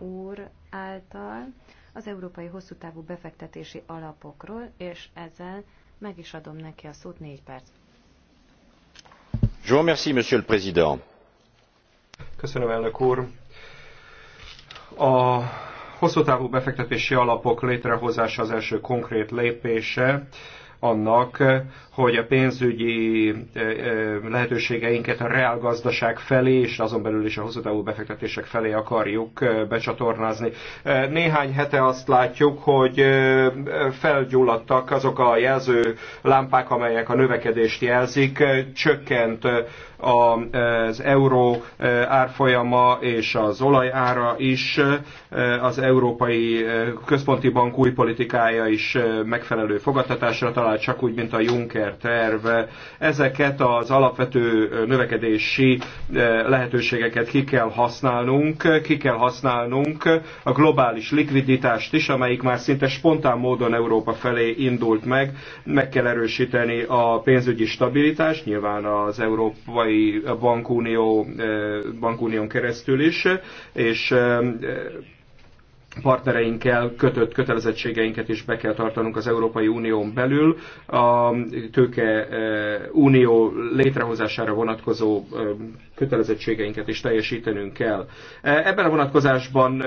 úr által az Európai Hosszú Távú Befektetési Alapokról, és ezzel meg is adom neki a szót négy perc. Jó merci, Monsieur le Président. Köszönöm, elnök úr. A hosszú távú befektetési alapok létrehozása az első konkrét lépése annak, eh, hogy a pénzügyi eh, eh, lehetőségeinket a reálgazdaság felé, és azon belül is a hosszú távú befektetések felé akarjuk becsatornázni. Néhány hete azt látjuk, hogy felgyulladtak azok a jelző lámpák, amelyek a növekedést jelzik, csökkent az euró árfolyama és az olajára is, az Európai Központi Bank új politikája is megfelelő fogadtatásra talál alá, csak úgy, mint a Juncker terv. Ezeket az alapvető növekedési eh, lehetőségeket ki kell használnunk, ki kell használnunk a globális likviditást is, amelyik már szinte spontán módon Európa felé indult meg. Meg kell erősíteni a pénzügyi stabilitást, nyilván az Európai Bankunió, eh, Bankunión keresztül is, és eh, partnereinkkel kötött kötelezettségeinket is be kell tartanunk az Európai Unión belül. A tőke e, unió létrehozására vonatkozó e, kötelezettségeinket is teljesítenünk kell. E, ebben a vonatkozásban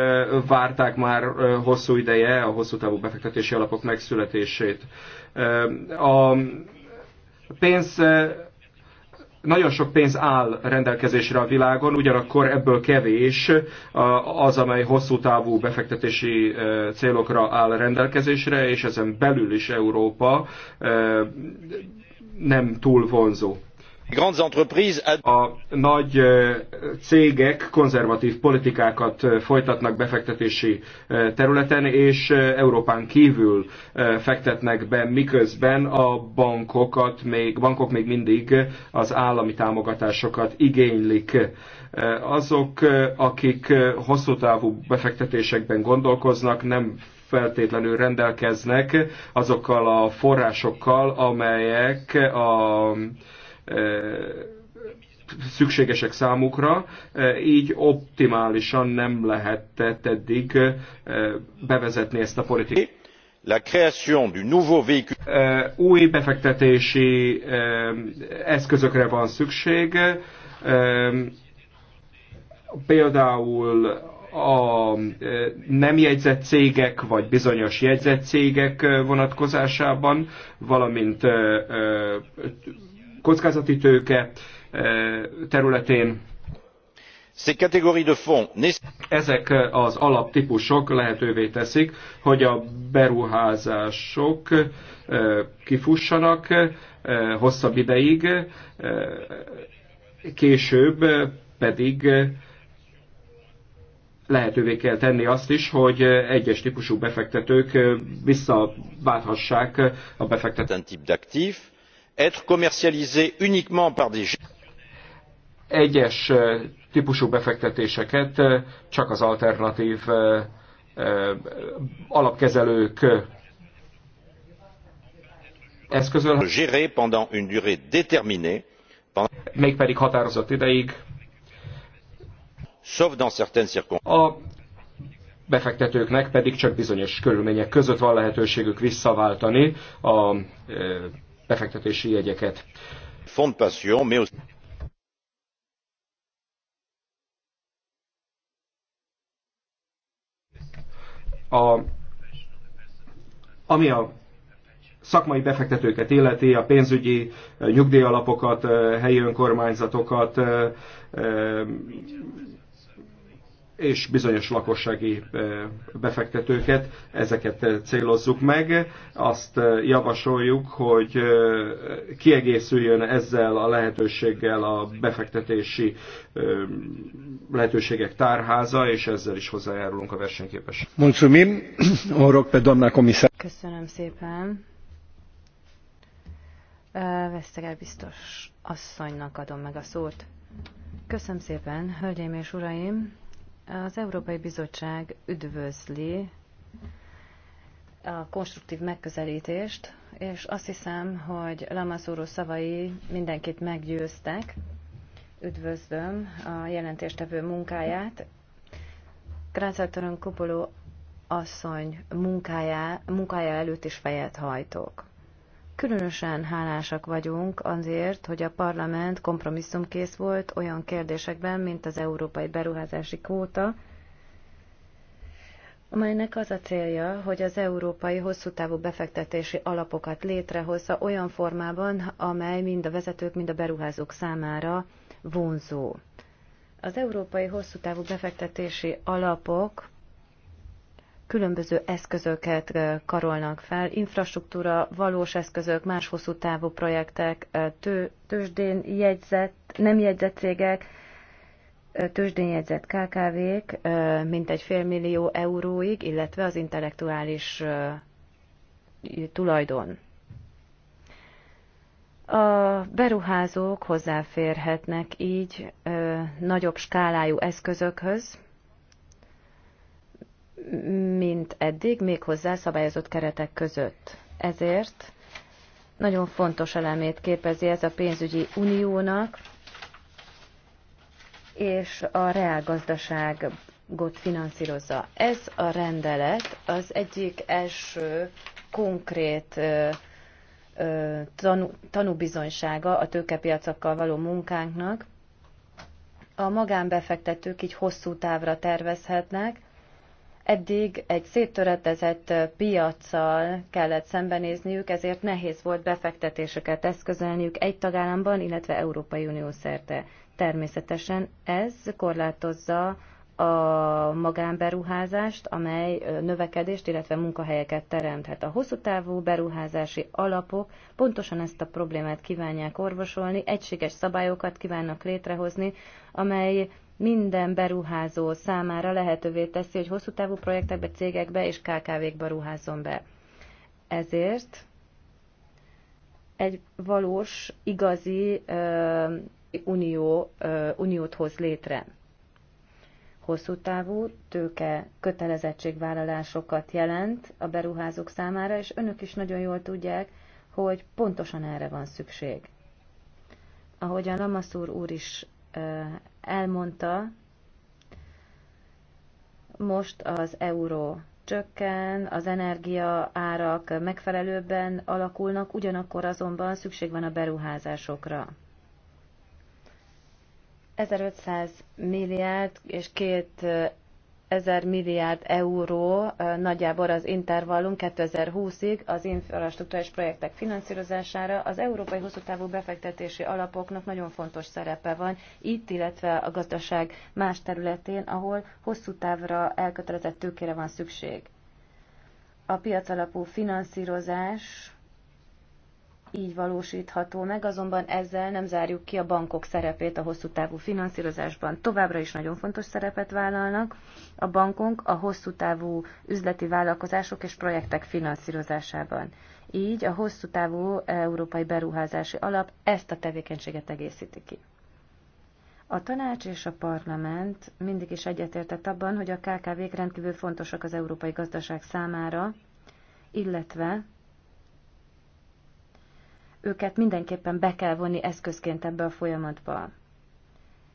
várták már hosszú ideje a hosszú távú befektetési alapok megszületését. A pénz nagyon sok pénz áll rendelkezésre a világon, ugyanakkor ebből kevés az, amely hosszú távú befektetési célokra áll rendelkezésre, és ezen belül is Európa nem túl vonzó. A nagy cégek konzervatív politikákat folytatnak befektetési területen, és Európán kívül fektetnek be, miközben a bankokat még, bankok még mindig az állami támogatásokat igénylik. Azok, akik hosszú távú befektetésekben gondolkoznak, nem feltétlenül rendelkeznek azokkal a forrásokkal, amelyek a szükségesek számukra, így optimálisan nem lehetett eddig bevezetni ezt a politikát. La création du nouveau véhicule. Új befektetési eszközökre van szükség, például a nem jegyzett cégek, vagy bizonyos jegyzett cégek vonatkozásában, valamint kockázati tőke eh, területén. Ezek eh, az alaptípusok lehetővé teszik, hogy a beruházások eh, kifussanak hosszabb ideig, később pedig lehetővé kell tenni azt is, hogy egyes típusú befektetők visszaválthassák a befektetett être commercialisés uniquement par des egyes eh, típusú befektetéseket eh, csak az alternatív eh, alapkezelők eszközöl. Géré pendant une durée déterminée. pendant még pedig határozott ideig. Sauf dans certaines circonstances. A befektetőknek pedig csak bizonyos körülmények között van lehetőségük visszaváltani a befektetési jegyeket. Fond passion, mais aussi... a, ami a szakmai befektetőket illeti, a pénzügyi eh, nyugdíjalapokat, eh, helyi önkormányzatokat, eh, és bizonyos lakossági befektetőket, ezeket célozzuk meg. Azt javasoljuk, hogy kiegészüljön ezzel a lehetőséggel a befektetési lehetőségek tárháza, és ezzel is hozzájárulunk a versenyképes. Mulțumim, orok pe Köszönöm szépen. Vesztegel biztos asszonynak adom meg a szót. Köszönöm szépen, hölgyeim és uraim! Az Európai Bizottság üdvözli a konstruktív megközelítést, és azt hiszem, hogy Lamaszúró szavai mindenkit meggyőztek. Üdvözlöm a jelentéstevő munkáját. Grácátoron Kopoló asszony munkája, munkája előtt is fejet hajtok. Különösen hálásak vagyunk azért, hogy a parlament kompromisszumkész volt olyan kérdésekben, mint az európai beruházási kvóta, amelynek az a célja, hogy az európai hosszú távú befektetési alapokat létrehozza olyan formában, amely mind a vezetők, mind a beruházók számára vonzó. Az európai hosszú távú befektetési alapok különböző eszközöket karolnak fel, infrastruktúra, valós eszközök, más hosszú távú projektek, tő, tőzsdén jegyzett, nem jegyzett cégek, tőzsdén jegyzett KKV-k mintegy félmillió euróig, illetve az intellektuális tulajdon. A beruházók hozzáférhetnek így nagyobb skálájú eszközökhöz, mint eddig, még hozzá szabályozott keretek között. Ezért nagyon fontos elemét képezi ez a pénzügyi uniónak, és a reálgazdaságot finanszírozza. Ez a rendelet az egyik első konkrét tanú, tanúbizonysága a tőkepiacokkal való munkánknak. A magánbefektetők így hosszú távra tervezhetnek, Eddig egy széttöretezett piaccal kellett szembenézniük, ezért nehéz volt befektetéseket eszközelniük egy tagállamban, illetve Európai Unió szerte. Természetesen ez korlátozza a magánberuházást, amely növekedést, illetve munkahelyeket teremthet. A hosszú távú beruházási alapok pontosan ezt a problémát kívánják orvosolni, egységes szabályokat kívánnak létrehozni, amely minden beruházó számára lehetővé teszi, hogy hosszú távú projektekbe, cégekbe és KKV-kba ruházzon be. Ezért egy valós, igazi ö, unió, ö, uniót hoz létre. Hosszú távú tőke kötelezettségvállalásokat jelent a beruházók számára, és önök is nagyon jól tudják, hogy pontosan erre van szükség. Ahogy a Lamaszúr úr is elmondta, most az euró csökken, az energia árak megfelelőbben alakulnak, ugyanakkor azonban szükség van a beruházásokra. 1500 milliárd és két ezer milliárd euró nagyjából az intervallum 2020-ig az infrastruktúrás projektek finanszírozására. Az európai hosszú távú befektetési alapoknak nagyon fontos szerepe van itt, illetve a gazdaság más területén, ahol hosszú távra elkötelezett tőkére van szükség. A piacalapú finanszírozás így valósítható meg, azonban ezzel nem zárjuk ki a bankok szerepét a hosszú távú finanszírozásban. Továbbra is nagyon fontos szerepet vállalnak a bankok a hosszú távú üzleti vállalkozások és projektek finanszírozásában. Így a hosszú távú európai beruházási alap ezt a tevékenységet egészíti ki. A tanács és a parlament mindig is egyetértett abban, hogy a KKV-k rendkívül fontosak az európai gazdaság számára, illetve őket mindenképpen be kell vonni eszközként ebbe a folyamatba.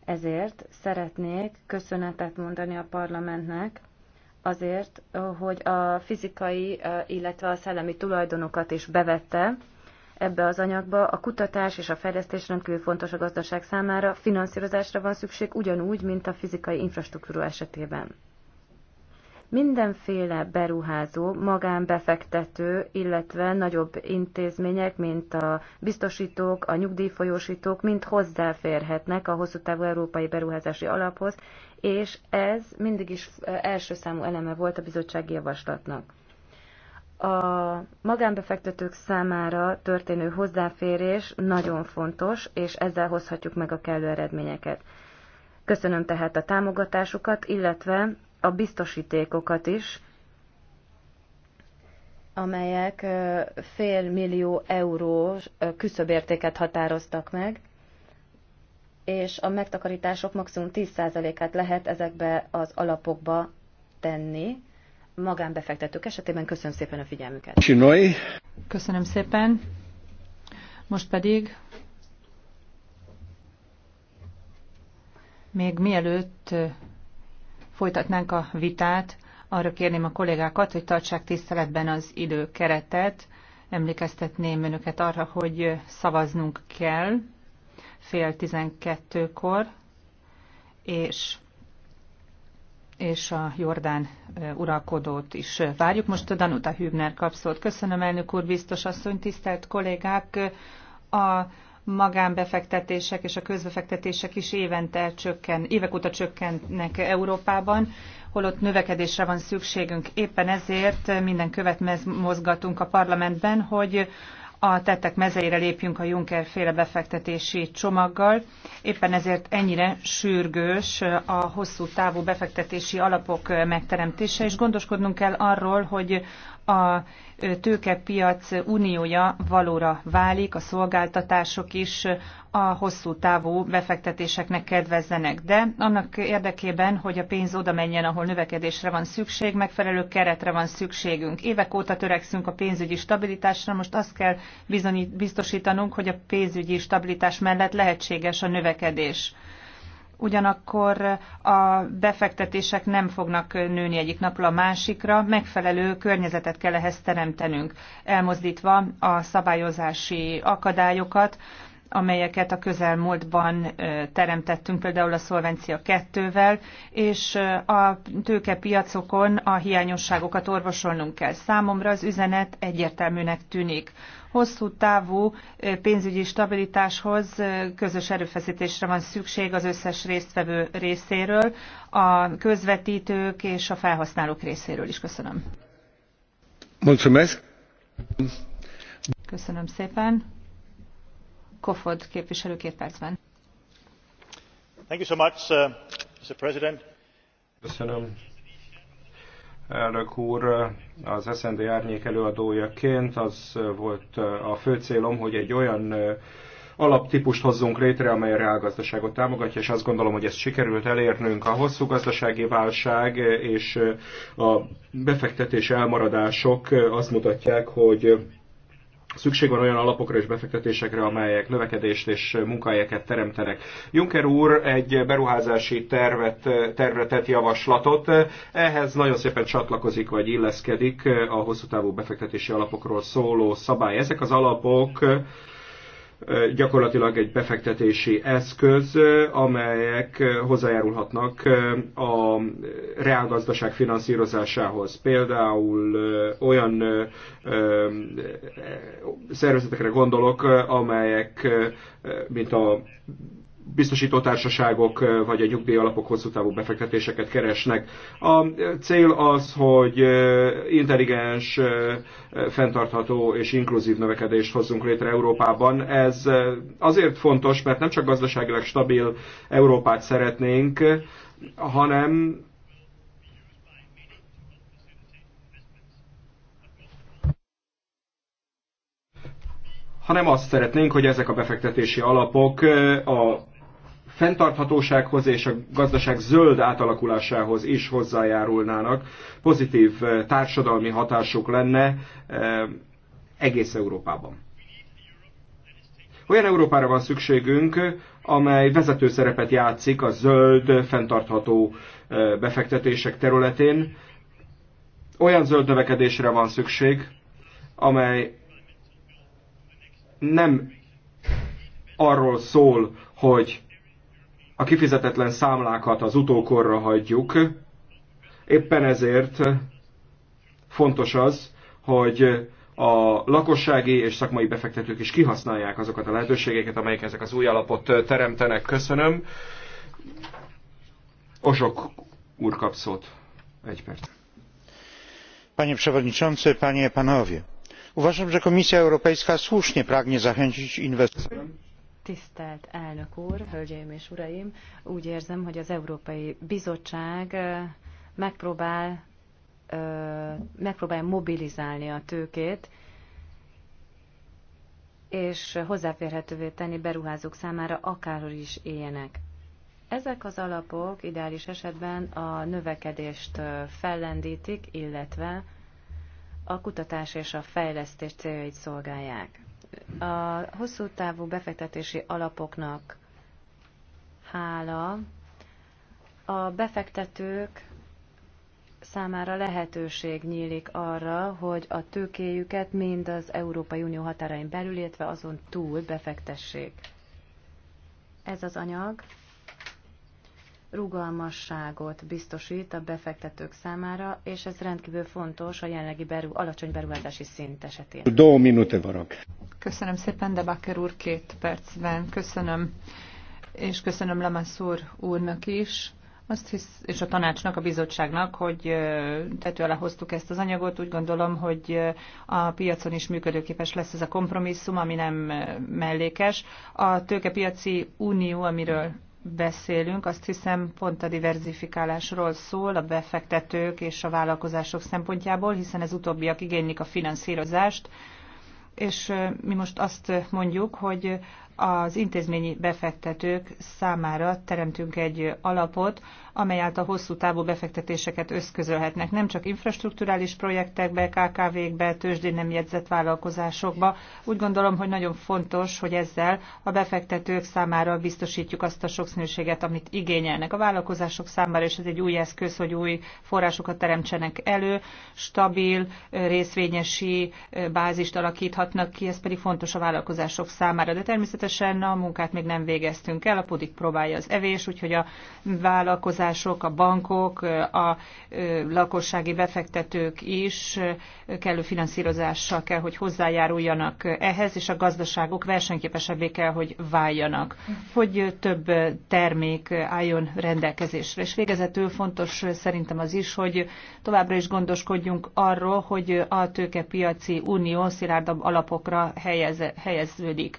Ezért szeretnék köszönetet mondani a parlamentnek, azért, hogy a fizikai, illetve a szellemi tulajdonokat is bevette ebbe az anyagba. A kutatás és a fejlesztés rendkívül fontos a gazdaság számára, finanszírozásra van szükség, ugyanúgy, mint a fizikai infrastruktúra esetében. Mindenféle beruházó, magánbefektető, illetve nagyobb intézmények, mint a biztosítók, a nyugdíjfolyósítók, mind hozzáférhetnek a hosszú távú európai beruházási alaphoz, és ez mindig is első számú eleme volt a bizottsági javaslatnak a magánbefektetők számára történő hozzáférés nagyon fontos, és ezzel hozhatjuk meg a kellő eredményeket. Köszönöm tehát a támogatásukat, illetve a biztosítékokat is, amelyek fél millió eurós küszöbértéket határoztak meg, és a megtakarítások maximum 10%-át lehet ezekbe az alapokba tenni. Magánbefektetők esetében köszönöm szépen a figyelmüket. Csinoi. Köszönöm szépen. Most pedig még mielőtt folytatnánk a vitát. Arra kérném a kollégákat, hogy tartsák tiszteletben az időkeretet. Emlékeztetném önöket arra, hogy szavaznunk kell fél tizenkettőkor, és és a Jordán uralkodót is várjuk. Most a Danuta Hübner kapszót. Köszönöm, elnök úr, biztos asszony, tisztelt kollégák! A magánbefektetések és a közbefektetések is évente csökken, évek óta csökkennek Európában, holott növekedésre van szükségünk. Éppen ezért minden követ mozgatunk a parlamentben, hogy a tettek mezeire lépjünk a Juncker féle befektetési csomaggal. Éppen ezért ennyire sürgős a hosszú távú befektetési alapok megteremtése, és gondoskodnunk kell arról, hogy a tőkepiac uniója valóra válik, a szolgáltatások is a hosszú távú befektetéseknek kedvezzenek. De annak érdekében, hogy a pénz oda menjen, ahol növekedésre van szükség, megfelelő keretre van szükségünk. Évek óta törekszünk a pénzügyi stabilitásra, most azt kell bizonyít, biztosítanunk, hogy a pénzügyi stabilitás mellett lehetséges a növekedés ugyanakkor a befektetések nem fognak nőni egyik napról a másikra, megfelelő környezetet kell ehhez teremtenünk, elmozdítva a szabályozási akadályokat, amelyeket a közelmúltban teremtettünk, például a szolvencia kettővel, és a tőkepiacokon a hiányosságokat orvosolnunk kell. Számomra az üzenet egyértelműnek tűnik. Hosszú távú pénzügyi stabilitáshoz közös erőfeszítésre van szükség az összes résztvevő részéről, a közvetítők és a felhasználók részéről is. Köszönöm. Köszönöm szépen. Kofod képviselő két percben. Thank you so much, uh, Mr. President. Köszönöm. Elnök úr, az SND árnyék előadójaként az volt a fő célom, hogy egy olyan uh, alaptípust hozzunk létre, amely a reálgazdaságot támogatja, és azt gondolom, hogy ezt sikerült elérnünk. A hosszú gazdasági válság és a befektetés elmaradások azt mutatják, hogy Szükség van olyan alapokra és befektetésekre, amelyek növekedést és munkahelyeket teremtenek. Juncker úr egy beruházási tervet, tervre javaslatot. Ehhez nagyon szépen csatlakozik vagy illeszkedik a hosszú távú befektetési alapokról szóló szabály. Ezek az alapok gyakorlatilag egy befektetési eszköz, amelyek hozzájárulhatnak a reálgazdaság finanszírozásához. Például olyan szervezetekre gondolok, amelyek, mint a biztosítótársaságok vagy a nyugdíjalapok hosszú távú befektetéseket keresnek. A cél az, hogy intelligens, fenntartható és inkluzív növekedést hozzunk létre Európában. Ez azért fontos, mert nem csak gazdaságilag stabil Európát szeretnénk, hanem hanem azt szeretnénk, hogy ezek a befektetési alapok a fenntarthatósághoz és a gazdaság zöld átalakulásához is hozzájárulnának. Pozitív eh, társadalmi hatásuk lenne eh, egész Európában. Olyan Európára van szükségünk, amely vezető szerepet játszik a zöld, fenntartható eh, befektetések területén. Olyan zöld növekedésre van szükség, amely nem arról szól, hogy a kifizetetlen számlákat az utókorra hagyjuk. Éppen ezért fontos az, hogy a lakossági és szakmai befektetők is kihasználják azokat a lehetőségeket, amelyek ezek az új alapot teremtenek. Köszönöm. Osok úr kap szót. Egy perc. Panie przewodniczący, panie panowie. Uważam, że Komisja Europejska słusznie pragnie zachęcić inwestorów. Tisztelt elnök úr, hölgyeim és uraim, úgy érzem, hogy az Európai Bizottság megpróbál, megpróbál mobilizálni a tőkét, és hozzáférhetővé tenni beruházók számára, akárhol is éljenek. Ezek az alapok ideális esetben a növekedést fellendítik, illetve a kutatás és a fejlesztés céljait szolgálják a hosszú távú befektetési alapoknak hála a befektetők számára lehetőség nyílik arra, hogy a tőkéjüket mind az Európai Unió határain belül, illetve azon túl befektessék. Ez az anyag rugalmasságot biztosít a befektetők számára, és ez rendkívül fontos a jelenlegi beru, alacsony beruházási szint esetén. Do minute varok. Köszönöm szépen, de Bakker úr két percben. Köszönöm, és köszönöm úr úrnak is. Azt hisz, és a tanácsnak, a bizottságnak, hogy tető alá hoztuk ezt az anyagot. Úgy gondolom, hogy a piacon is működőképes lesz ez a kompromisszum, ami nem mellékes. A tőkepiaci unió, amiről beszélünk, azt hiszem pont a diverzifikálásról szól a befektetők és a vállalkozások szempontjából, hiszen ez utóbbiak igénylik a finanszírozást, és mi most azt mondjuk, hogy az intézményi befektetők számára teremtünk egy alapot, amely által hosszú távú befektetéseket összközölhetnek, nem csak infrastruktúrális projektekbe, KKV-kbe, tőzsdén nem jegyzett vállalkozásokba. Úgy gondolom, hogy nagyon fontos, hogy ezzel a befektetők számára biztosítjuk azt a sokszínűséget, amit igényelnek. A vállalkozások számára és ez egy új eszköz, hogy új forrásokat teremtsenek elő, stabil, részvényesi bázist alakíthatnak ki, ez pedig fontos a vállalkozások számára. De természetesen természetesen a munkát még nem végeztünk el, a pudik próbálja az evés, úgyhogy a vállalkozások, a bankok, a lakossági befektetők is kellő finanszírozással kell, hogy hozzájáruljanak ehhez, és a gazdaságok versenyképesebbé kell, hogy váljanak, hogy több termék álljon rendelkezésre. És végezetül fontos szerintem az is, hogy továbbra is gondoskodjunk arról, hogy a tőkepiaci unió szilárdabb alapokra helyez, helyeződik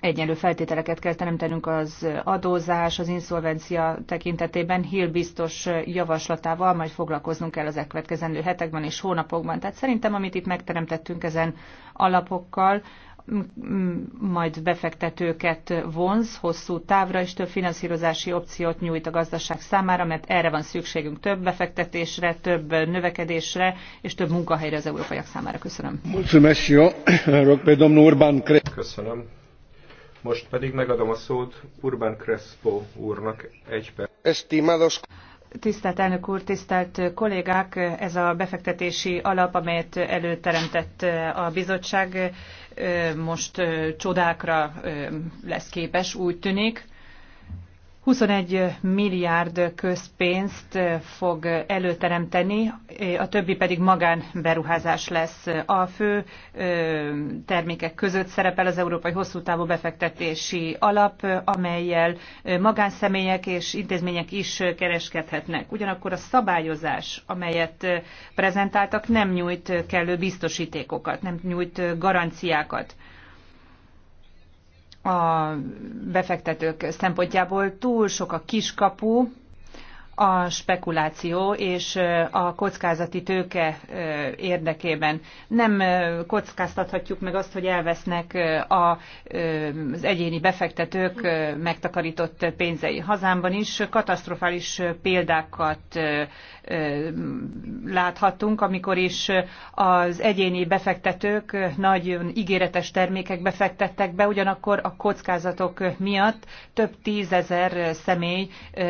egyenlő feltételeket kell teremtenünk az adózás, az inszolvencia tekintetében. Hill biztos javaslatával majd foglalkoznunk kell az elkövetkezendő hetekben és hónapokban. Tehát szerintem, amit itt megteremtettünk ezen alapokkal, majd befektetőket vonz hosszú távra, és több finanszírozási opciót nyújt a gazdaság számára, mert erre van szükségünk több befektetésre, több növekedésre, és több munkahelyre az európaiak számára. Köszönöm. Köszönöm. Most pedig megadom a szót Urban Crespo úrnak egy perc. Estimados... Tisztelt elnök úr, tisztelt kollégák! Ez a befektetési alap, amelyet előteremtett a bizottság, most csodákra lesz képes, úgy tűnik 21 milliárd közpénzt fog előteremteni, a többi pedig magánberuházás lesz. A fő termékek között szerepel az Európai Hosszú Távú Befektetési Alap, amelyel magánszemélyek és intézmények is kereskedhetnek. Ugyanakkor a szabályozás, amelyet prezentáltak, nem nyújt kellő biztosítékokat, nem nyújt garanciákat a befektetők szempontjából túl sok a kiskapu, a spekuláció és a kockázati tőke érdekében. Nem kockáztathatjuk meg azt, hogy elvesznek az egyéni befektetők megtakarított pénzei. Hazámban is katasztrofális példákat láthattunk, amikor is az egyéni befektetők nagyon ígéretes termékekbe fektettek be, ugyanakkor a kockázatok miatt több tízezer személy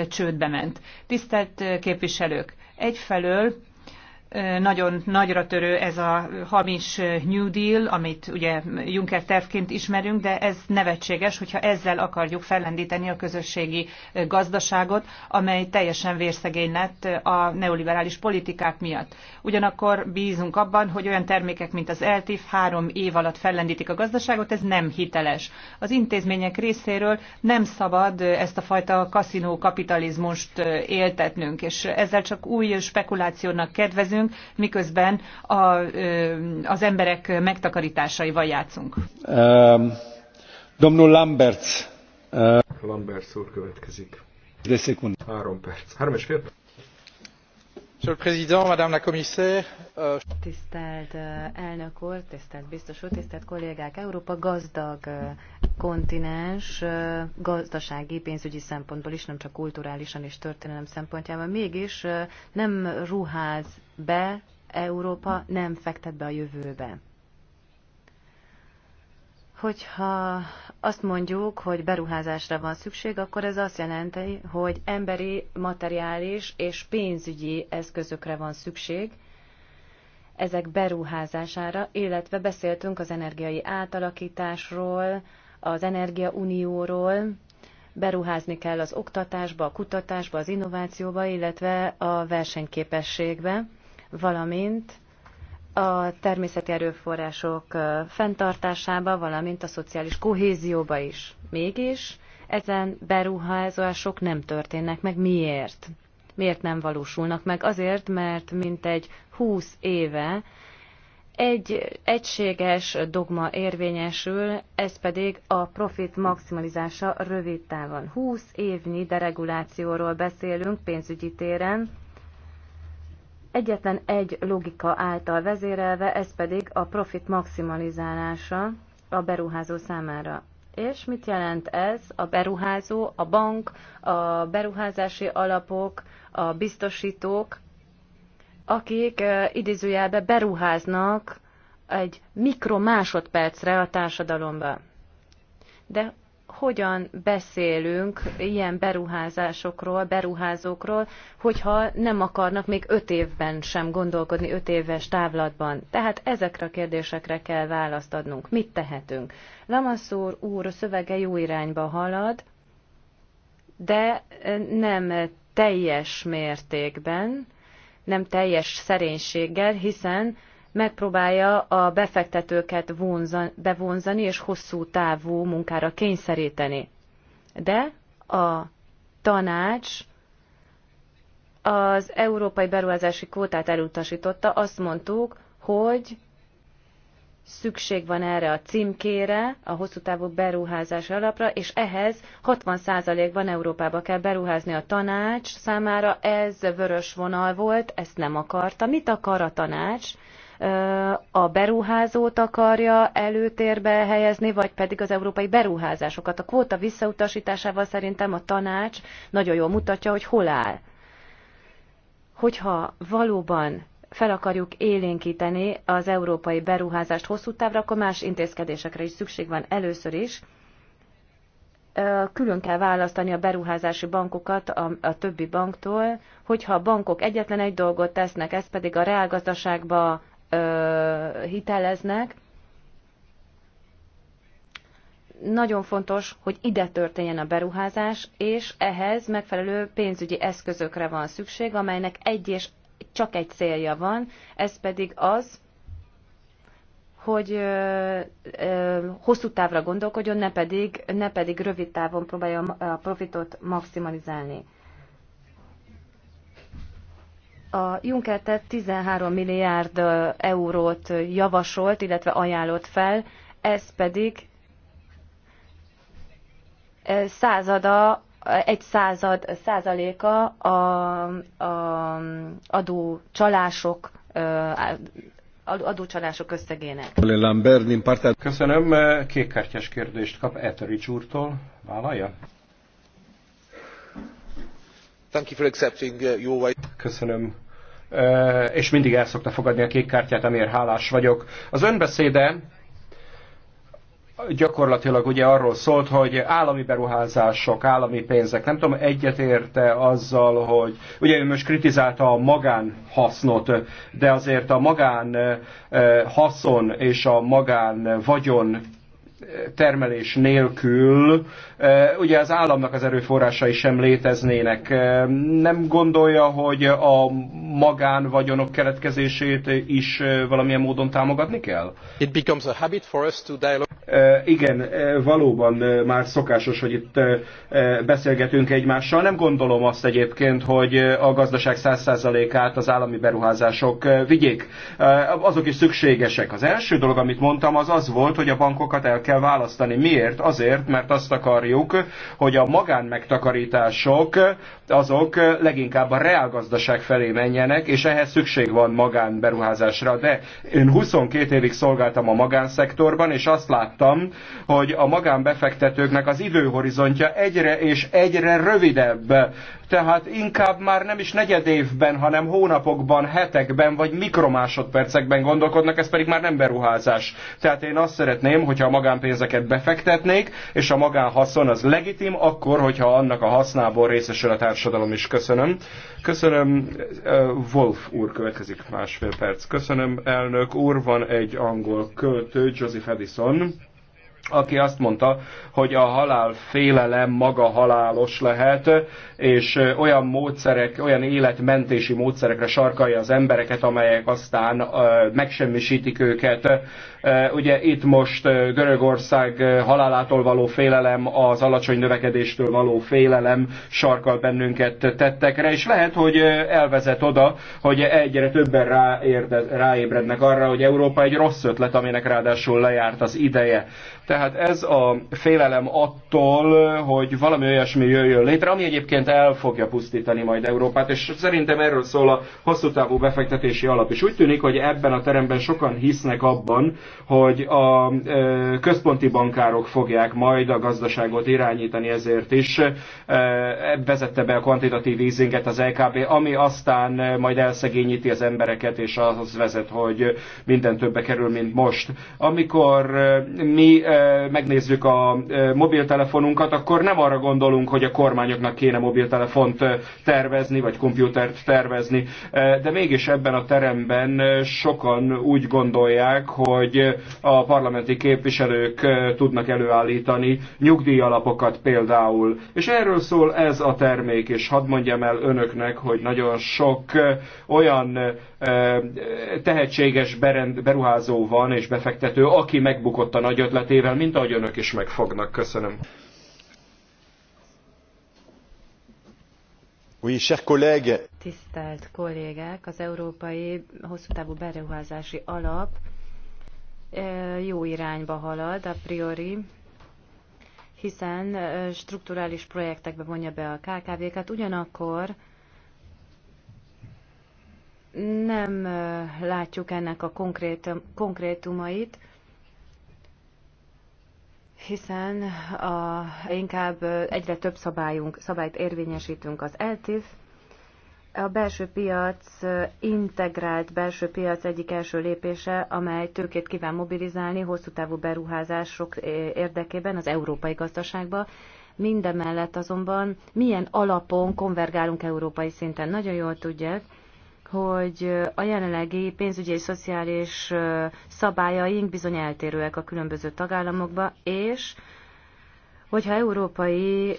csődbe ment. Tisztelt képviselők! Egyfelől nagyon nagyra törő ez a hamis New Deal, amit ugye Juncker tervként ismerünk, de ez nevetséges, hogyha ezzel akarjuk fellendíteni a közösségi gazdaságot, amely teljesen vérszegény lett a neoliberális politikák miatt. Ugyanakkor bízunk abban, hogy olyan termékek, mint az ELTIF három év alatt fellendítik a gazdaságot, ez nem hiteles. Az intézmények részéről nem szabad ezt a fajta kaszinó kapitalizmust éltetnünk, és ezzel csak új spekulációnak kedvezünk, teszünk, miközben a, az emberek megtakarításaival játszunk. Um, Domnul Lamberts. Uh, Lamberts úr következik. De szekund. Három perc. Három és fél. Monsieur le Président, Madame la Commissaire. Euh, uh... Tisztelt elnök úr, tisztelt biztos úr, tisztelt kollégák! Európa gazdag uh, kontinens uh, gazdasági, pénzügyi szempontból is, nem csak kulturálisan és történelem szempontjában. Mégis uh, nem ruház be, Európa nem fektet be a jövőbe. Hogyha azt mondjuk, hogy beruházásra van szükség, akkor ez azt jelenti, hogy emberi, materiális és pénzügyi eszközökre van szükség, ezek beruházására, illetve beszéltünk az energiai átalakításról, az energiaunióról, beruházni kell az oktatásba, a kutatásba, az innovációba, illetve a versenyképességbe valamint a természeti erőforrások fenntartásába, valamint a szociális kohézióba is. Mégis ezen beruházások nem történnek meg. Miért? Miért nem valósulnak meg? Azért, mert mintegy 20 éve egy egységes dogma érvényesül, ez pedig a profit maximalizása rövid távon. 20 évnyi deregulációról beszélünk pénzügyi téren, egyetlen egy logika által vezérelve, ez pedig a profit maximalizálása a beruházó számára. És mit jelent ez? A beruházó, a bank, a beruházási alapok, a biztosítók, akik idézőjelbe beruháznak egy mikromásodpercre a társadalomba. De hogyan beszélünk ilyen beruházásokról, beruházókról, hogyha nem akarnak még öt évben sem gondolkodni, öt éves távlatban. Tehát ezekre a kérdésekre kell választ adnunk. Mit tehetünk? Lamaszúr úr szövege jó irányba halad, de nem teljes mértékben, nem teljes szerénységgel, hiszen megpróbálja a befektetőket vonzan, bevonzani és hosszú távú munkára kényszeríteni. De a tanács az európai beruházási kvótát elutasította, azt mondtuk, hogy szükség van erre a címkére, a hosszú távú beruházás alapra, és ehhez 60%-ban Európába kell beruházni a tanács számára. Ez vörös vonal volt, ezt nem akarta. Mit akar a tanács? a beruházót akarja előtérbe helyezni, vagy pedig az európai beruházásokat. A kvóta visszautasításával szerintem a tanács nagyon jól mutatja, hogy hol áll. Hogyha valóban fel akarjuk élénkíteni az európai beruházást hosszú távra, akkor más intézkedésekre is szükség van először is. Külön kell választani a beruházási bankokat a, a többi banktól, hogyha a bankok egyetlen egy dolgot tesznek, ez pedig a reálgazdaságba ö, hiteleznek. Nagyon fontos, hogy ide történjen a beruházás, és ehhez megfelelő pénzügyi eszközökre van szükség, amelynek egy és csak egy célja van, ez pedig az, hogy ö, ö, hosszú távra gondolkodjon, ne pedig, ne pedig rövid távon próbálja a profitot maximalizálni. A Juncker tett 13 milliárd eurót javasolt, illetve ajánlott fel, ez pedig százada, egy század százaléka a, a adócsalások adócsalások összegének. Köszönöm. Kékkártyás kérdést kap Eterics úrtól. Vállalja? Uh, Köszönöm. És mindig el szokta fogadni a kék kártyát, amiért hálás vagyok. Az önbeszéde gyakorlatilag ugye arról szólt, hogy állami beruházások, állami pénzek, nem tudom, egyetérte azzal, hogy ugye ő most kritizálta a magánhasznot, de azért a magán haszon és a magán vagyon termelés nélkül e, ugye az államnak az erőforrásai sem léteznének. E, nem gondolja, hogy a magánvagyonok keletkezését is e, valamilyen módon támogatni kell? It becomes a habit for us to dialogue. Igen, valóban már szokásos, hogy itt beszélgetünk egymással. Nem gondolom azt egyébként, hogy a gazdaság 100%-át az állami beruházások vigyék. Azok is szükségesek. Az első dolog, amit mondtam, az az volt, hogy a bankokat el kell kell választani. Miért? Azért, mert azt akarjuk, hogy a magánmegtakarítások azok leginkább a reálgazdaság felé menjenek, és ehhez szükség van magánberuházásra. De én 22 évig szolgáltam a magánszektorban, és azt láttam, hogy a magánbefektetőknek az időhorizontja egyre és egyre rövidebb. Tehát inkább már nem is negyed évben, hanem hónapokban, hetekben vagy mikromásodpercekben gondolkodnak, ez pedig már nem beruházás. Tehát én azt szeretném, hogyha a magán magánpénzeket befektetnék, és a magánhaszon az legitim, akkor, hogyha annak a hasznából részesül a társadalom is. Köszönöm. Köszönöm, Wolf úr következik másfél perc. Köszönöm, elnök úr, van egy angol költő, Joseph Edison, aki azt mondta, hogy a halál félelem maga halálos lehet, és olyan módszerek, olyan életmentési módszerekre sarkalja az embereket, amelyek aztán megsemmisítik őket. Ugye itt most Görögország halálától való félelem, az alacsony növekedéstől való félelem sarkal bennünket tettekre, és lehet, hogy elvezet oda, hogy egyre többen ráérde, ráébrednek arra, hogy Európa egy rossz ötlet, aminek ráadásul lejárt az ideje tehát ez a félelem attól, hogy valami olyasmi jöjjön létre, ami egyébként el fogja pusztítani majd Európát, és szerintem erről szól a hosszú távú befektetési alap. És úgy tűnik, hogy ebben a teremben sokan hisznek abban, hogy a központi bankárok fogják majd a gazdaságot irányítani, ezért is vezette be a kvantitatív easinget az LKB, ami aztán majd elszegényíti az embereket, és az vezet, hogy minden többe kerül, mint most. Amikor mi megnézzük a mobiltelefonunkat, akkor nem arra gondolunk, hogy a kormányoknak kéne mobiltelefont tervezni, vagy komputert tervezni, de mégis ebben a teremben sokan úgy gondolják, hogy a parlamenti képviselők tudnak előállítani nyugdíjalapokat például. És erről szól ez a termék, és hadd mondjam el önöknek, hogy nagyon sok olyan tehetséges beruházó van és befektető, aki megbukott a nagy ötletével, mint ahogy önök is megfognak. Köszönöm. Oui, cher collègues. Tisztelt kollégák, az Európai Hosszú Távú Beruházási Alap jó irányba halad a priori, hiszen strukturális projektekbe vonja be a KKV-kat, ugyanakkor nem látjuk ennek a konkrét, konkrétumait, hiszen a, inkább egyre több szabályunk, szabályt érvényesítünk az ELTIF. a belső piac integrált belső piac egyik első lépése, amely tőkét kíván mobilizálni hosszú távú beruházások érdekében az európai gazdaságba. Mindemellett azonban milyen alapon konvergálunk európai szinten. Nagyon jól tudják, hogy a jelenlegi pénzügyi és szociális szabályaink bizony eltérőek a különböző tagállamokba, és hogyha európai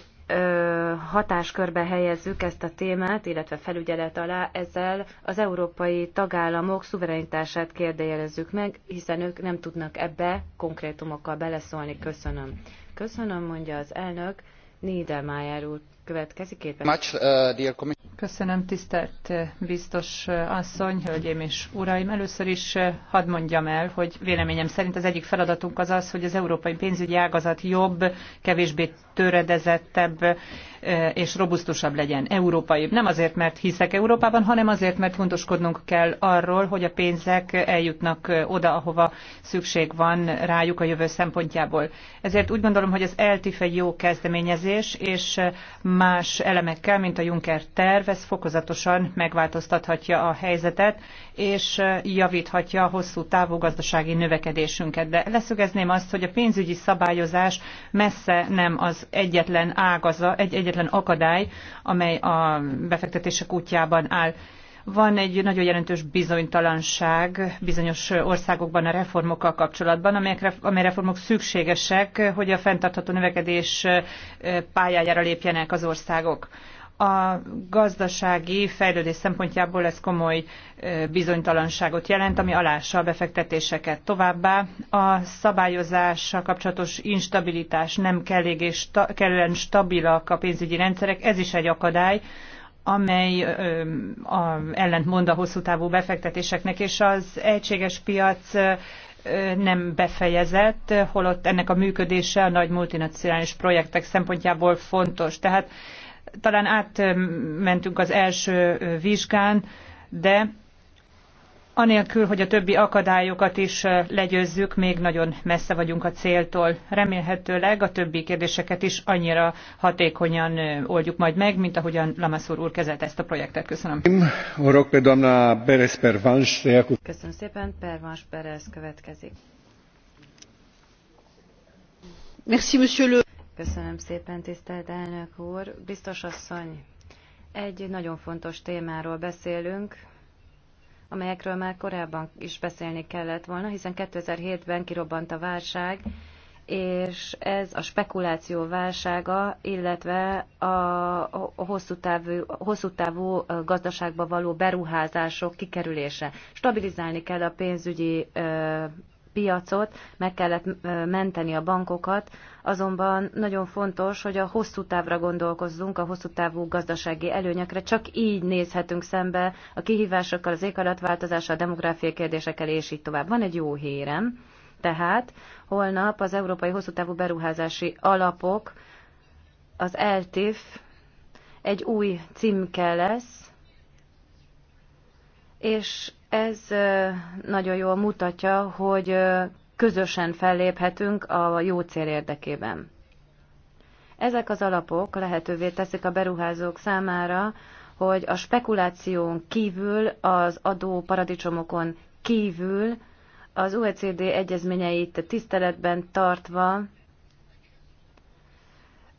hatáskörbe helyezzük ezt a témát, illetve felügyelet alá, ezzel az európai tagállamok szuverenitását kérdejelezzük meg, hiszen ők nem tudnak ebbe konkrétumokkal beleszólni. Köszönöm. Köszönöm, mondja az elnök. Niedermayer úr következik. Much, uh, Köszönöm, tisztelt uh, biztos uh, asszony, hölgyeim és uraim. Először is uh, hadd mondjam el, hogy véleményem szerint az egyik feladatunk az az, hogy az európai pénzügyi ágazat jobb, kevésbé töredezettebb Eh, és robusztusabb legyen, európai. Nem azért, mert hiszek Európában, hanem azért, mert gondoskodnunk kell arról, hogy a pénzek eljutnak eh, oda, ahova szükség van rájuk a jövő szempontjából. Ezért úgy gondolom, hogy az ELTIF egy jó kezdeményezés, és eh, más elemekkel, mint a Juncker terv, ez fokozatosan megváltoztathatja a helyzetet, és javíthatja a hosszú távú gazdasági növekedésünket. De leszögezném azt, hogy a pénzügyi szabályozás messze nem az egyetlen ágaza, egy egyetlen akadály, amely a befektetések útjában áll. Van egy nagyon jelentős bizonytalanság bizonyos országokban a reformokkal kapcsolatban, amely reformok szükségesek, hogy a fenntartható növekedés pályájára lépjenek az országok a gazdasági fejlődés szempontjából ez komoly bizonytalanságot jelent, ami alássa a befektetéseket. Továbbá a szabályozással kapcsolatos instabilitás nem kellég és sta- kellően stabilak a pénzügyi rendszerek, ez is egy akadály, amely ö, a, ellentmond a hosszú távú befektetéseknek, és az egységes piac ö, nem befejezett, holott ennek a működése a nagy multinacionális projektek szempontjából fontos. Tehát talán átmentünk az első vizsgán, de anélkül, hogy a többi akadályokat is legyőzzük, még nagyon messze vagyunk a céltól. Remélhetőleg a többi kérdéseket is annyira hatékonyan oldjuk majd meg, mint ahogyan Lamaszúr úr kezelte ezt a projektet. Köszönöm. Köszönöm szépen, Pervans Perez következik. Merci, monsieur le... Köszönöm szépen, tisztelt elnök úr. Biztos asszony, egy nagyon fontos témáról beszélünk, amelyekről már korábban is beszélni kellett volna, hiszen 2007-ben kirobbant a válság, és ez a spekuláció válsága, illetve a hosszú távú, hosszú távú gazdaságba való beruházások kikerülése. Stabilizálni kell a pénzügyi piacot, meg kellett menteni a bankokat, azonban nagyon fontos, hogy a hosszú távra gondolkozzunk, a hosszú távú gazdasági előnyekre. csak így nézhetünk szembe a kihívásokkal, az éghajlatváltozással, a demográfiai kérdésekkel, és így tovább. Van egy jó hírem, tehát holnap az Európai Hosszú Távú Beruházási Alapok, az ELTIF egy új címke lesz, és ez nagyon jól mutatja, hogy közösen felléphetünk a jó cél érdekében. Ezek az alapok lehetővé teszik a beruházók számára, hogy a spekuláción kívül, az adó paradicsomokon kívül, az OECD egyezményeit tiszteletben tartva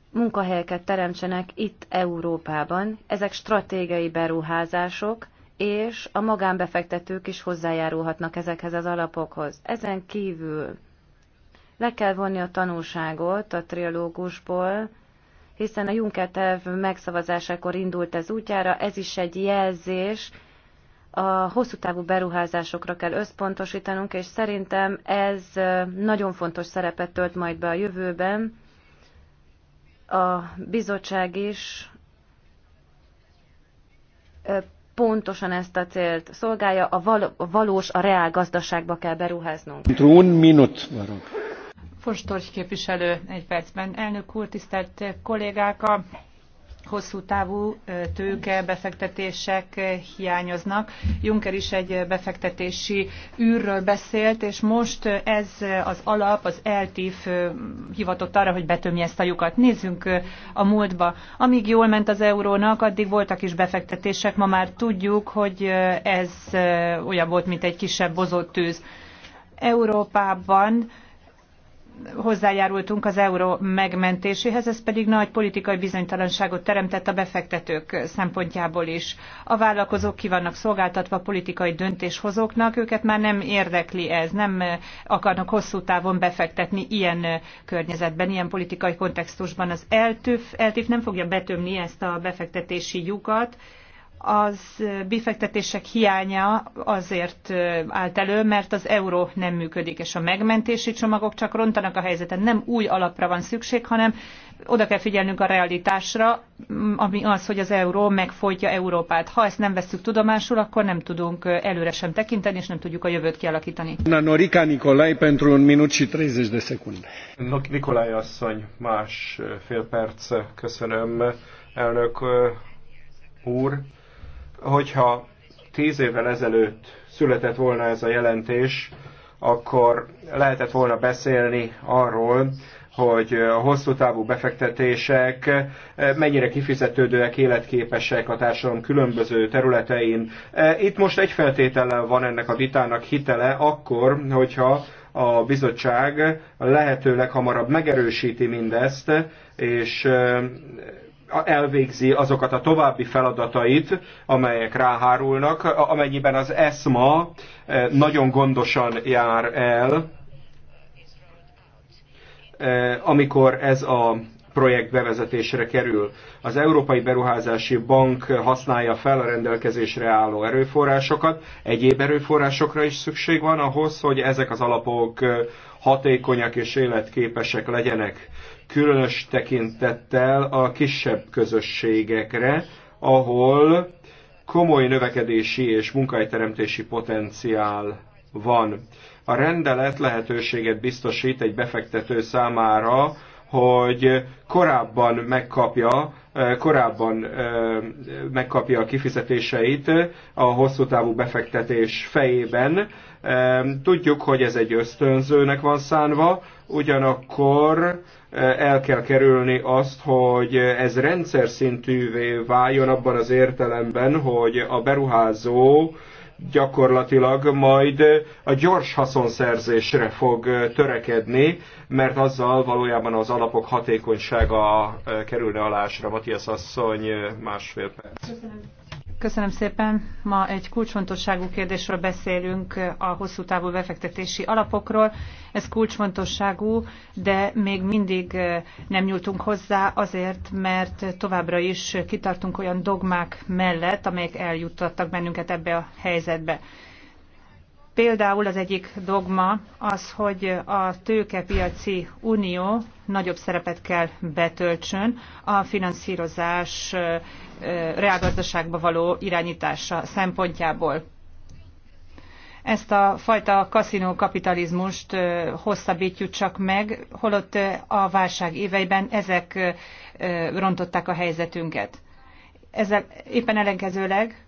munkahelyeket teremtsenek itt Európában. Ezek stratégiai beruházások, és a magánbefektetők is hozzájárulhatnak ezekhez az alapokhoz. Ezen kívül le kell vonni a tanulságot a trilógusból, hiszen a Juncker terv megszavazásakor indult ez útjára, ez is egy jelzés, a hosszú távú beruházásokra kell összpontosítanunk, és szerintem ez nagyon fontos szerepet tölt majd be a jövőben. A bizottság is pontosan ezt a célt szolgálja, a, val- a valós, a reál gazdaságba kell beruháznunk. Trón minut varok. Fostorgy képviselő egy percben. Elnök úr, tisztelt kollégák, a hosszú távú tőke befektetések hiányoznak. Juncker is egy befektetési űrről beszélt, és most ez az alap, az eltív hivatott arra, hogy betömje ezt a lyukat. Nézzünk a múltba. Amíg jól ment az eurónak, addig voltak is befektetések, ma már tudjuk, hogy ez olyan volt, mint egy kisebb bozott tűz. Európában hozzájárultunk az euró megmentéséhez, ez pedig nagy politikai bizonytalanságot teremtett a befektetők szempontjából is. A vállalkozók ki vannak szolgáltatva a politikai döntéshozóknak, őket már nem érdekli ez, nem akarnak hosszú távon befektetni ilyen környezetben, ilyen politikai kontextusban. Az eltűf, eltűf nem fogja betömni ezt a befektetési lyukat, az befektetések hiánya azért állt elő, mert az euró nem működik, és a megmentési csomagok csak rontanak a helyzeten. Nem új alapra van szükség, hanem oda kell figyelnünk a realitásra, ami az, hogy az euró megfojtja Európát. Ha ezt nem veszük tudomásul, akkor nem tudunk előre sem tekinteni, és nem tudjuk a jövőt kialakítani. Na, Norika Nikolaj, pentru un minut și 30 de secunde. Nikolai asszony, más fél perc, köszönöm, elnök úr. Hogyha tíz évvel ezelőtt született volna ez a jelentés, akkor lehetett volna beszélni arról, hogy a hosszú távú befektetések eh, mennyire kifizetődőek, életképesek a társadalom különböző területein. Eh, itt most egy feltétellel van ennek a vitának hitele, akkor, hogyha a bizottság lehetőleg hamarabb megerősíti mindezt, és eh, elvégzi azokat a további feladatait, amelyek ráhárulnak, amennyiben az ESMA eh, nagyon gondosan jár el, eh, amikor ez a projekt bevezetésre kerül. Az Európai Beruházási Bank használja fel a rendelkezésre álló erőforrásokat, egyéb erőforrásokra is szükség van ahhoz, hogy ezek az alapok hatékonyak és életképesek legyenek, különös tekintettel a kisebb közösségekre, ahol komoly növekedési és munkahelyteremtési potenciál van. A rendelet lehetőséget biztosít egy befektető számára, hogy korábban megkapja, eh, korábban eh, megkapja a kifizetéseit a hosszú távú befektetés fejében. Eh, tudjuk, hogy ez egy ösztönzőnek van szánva, ugyanakkor el kell kerülni azt, hogy ez rendszer szintűvé váljon abban az értelemben, hogy a beruházó gyakorlatilag majd a gyors haszonszerzésre fog törekedni, mert azzal valójában az alapok hatékonysága eh, kerülne alásra. Matthias asszony eh, másfél perc. Köszönöm. Köszönöm szépen. Ma egy kulcsfontosságú kérdésről beszélünk a hosszú távú befektetési alapokról. Ez kulcsfontosságú, de még mindig eh, nem nyúltunk hozzá azért, mert továbbra is kitartunk olyan dogmák mellett, amelyek eljuttattak bennünket ebbe a helyzetbe. Például az egyik dogma az, hogy a tőkepiaci unió nagyobb szerepet kell betöltsön a finanszírozás reálgazdaságba való irányítása szempontjából. Ezt a fajta kaszinó kapitalizmust hosszabbítjuk csak meg, holott a válság éveiben ezek rontották a helyzetünket. Ezzel éppen ellenkezőleg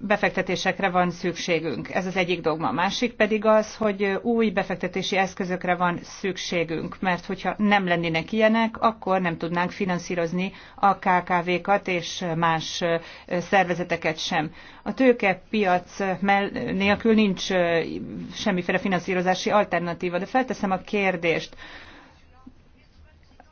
befektetésekre van szükségünk. Ez az egyik dogma. A másik pedig az, hogy új befektetési eszközökre van szükségünk, mert hogyha nem lennének ilyenek, akkor nem tudnánk finanszírozni a KKV-kat és más szervezeteket sem. A tőkepiac nélkül nincs semmiféle finanszírozási alternatíva, de felteszem a kérdést,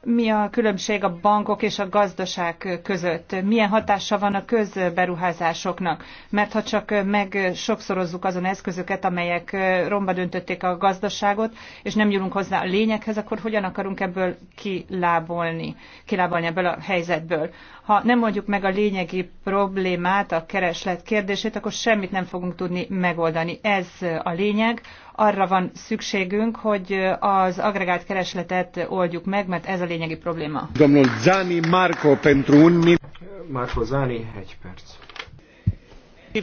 mi a különbség a bankok és a gazdaság között? Milyen hatása van a közberuházásoknak? Mert ha csak meg sokszorozzuk azon eszközöket, amelyek romba döntötték a gazdaságot, és nem nyúlunk hozzá a lényeghez, akkor hogyan akarunk ebből kilábolni, kilábalni ebből a helyzetből? Ha nem mondjuk meg a lényegi problémát, a kereslet kérdését, akkor semmit nem fogunk tudni megoldani. Ez a lényeg, arra van szükségünk, hogy az agregált keresletet oldjuk meg, mert ez a lényegi probléma. Domnul Zani Marco pentru Marco Zani, egy perc.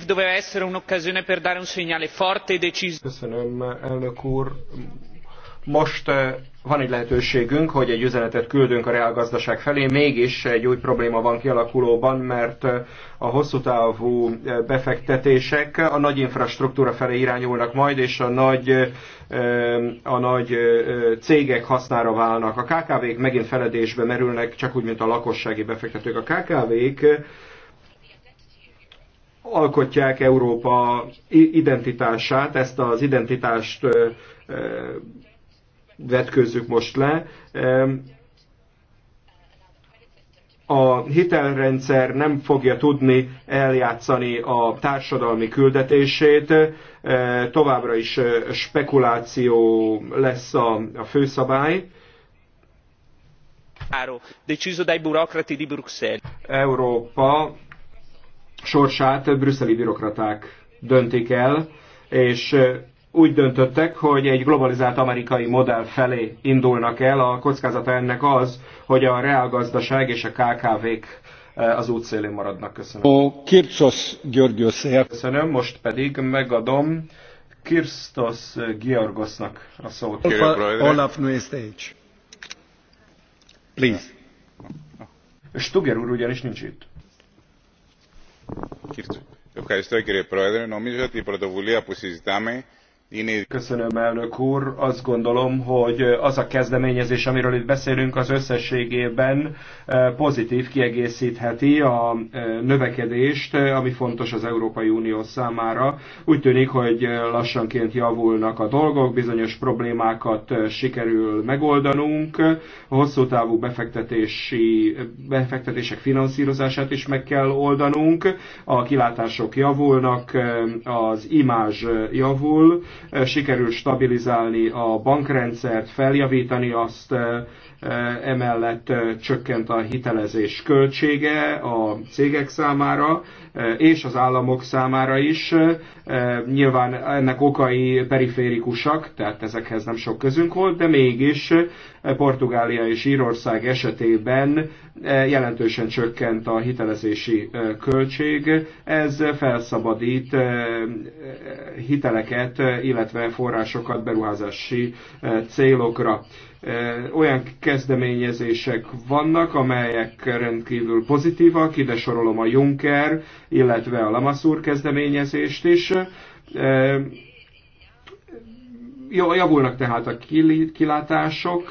Doveva essere un'occasione per dare un segnale forte e deciso. Köszönöm, elnök úr most van egy lehetőségünk, hogy egy üzenetet küldünk a reálgazdaság felé, mégis egy új probléma van kialakulóban, mert a hosszú távú befektetések a nagy infrastruktúra felé irányulnak majd, és a nagy, a nagy cégek hasznára válnak. A KKV-k megint feledésbe merülnek, csak úgy, mint a lakossági befektetők. A KKV-k alkotják Európa identitását, ezt az identitást vetkőzzük most le. A hitelrendszer nem fogja tudni eljátszani a társadalmi küldetését, továbbra is spekuláció lesz a, a főszabály. di Európa sorsát brüsszeli bürokraták döntik el, és úgy döntöttek, hogy egy globalizált amerikai modell felé indulnak el. A kockázata ennek az, hogy a reálgazdaság és a KKV-k eh, az útszélén maradnak. Köszönöm. A Kircsos Györgyös. Köszönöm, most pedig megadom Kirstos Georgosnak a szót. Olaf Nuestage. Please. Stuger úr ugyanis nincs itt. Ευχαριστώ κύριε Πρόεδρε. Νομίζω ότι η πρωτοβουλία που συζητάμε Köszönöm, elnök úr. Azt gondolom, hogy az a kezdeményezés, amiről itt beszélünk, az összességében pozitív kiegészítheti a növekedést, ami fontos az Európai Unió számára. Úgy tűnik, hogy lassanként javulnak a dolgok, bizonyos problémákat sikerül megoldanunk, a hosszú távú befektetési, befektetések finanszírozását is meg kell oldanunk, a kilátások javulnak, az imázs javul, sikerül stabilizálni a bankrendszert, feljavítani azt, emellett csökkent a hitelezés költsége a cégek számára és az államok számára is. Nyilván ennek okai periférikusak, tehát ezekhez nem sok közünk volt, de mégis Portugália és Írország esetében jelentősen csökkent a hitelezési költség. Ez felszabadít hiteleket, illetve forrásokat beruházási célokra olyan kezdeményezések vannak, amelyek rendkívül pozitívak, ide sorolom a Juncker, illetve a Lamassur kezdeményezést is. Javulnak tehát a kilátások,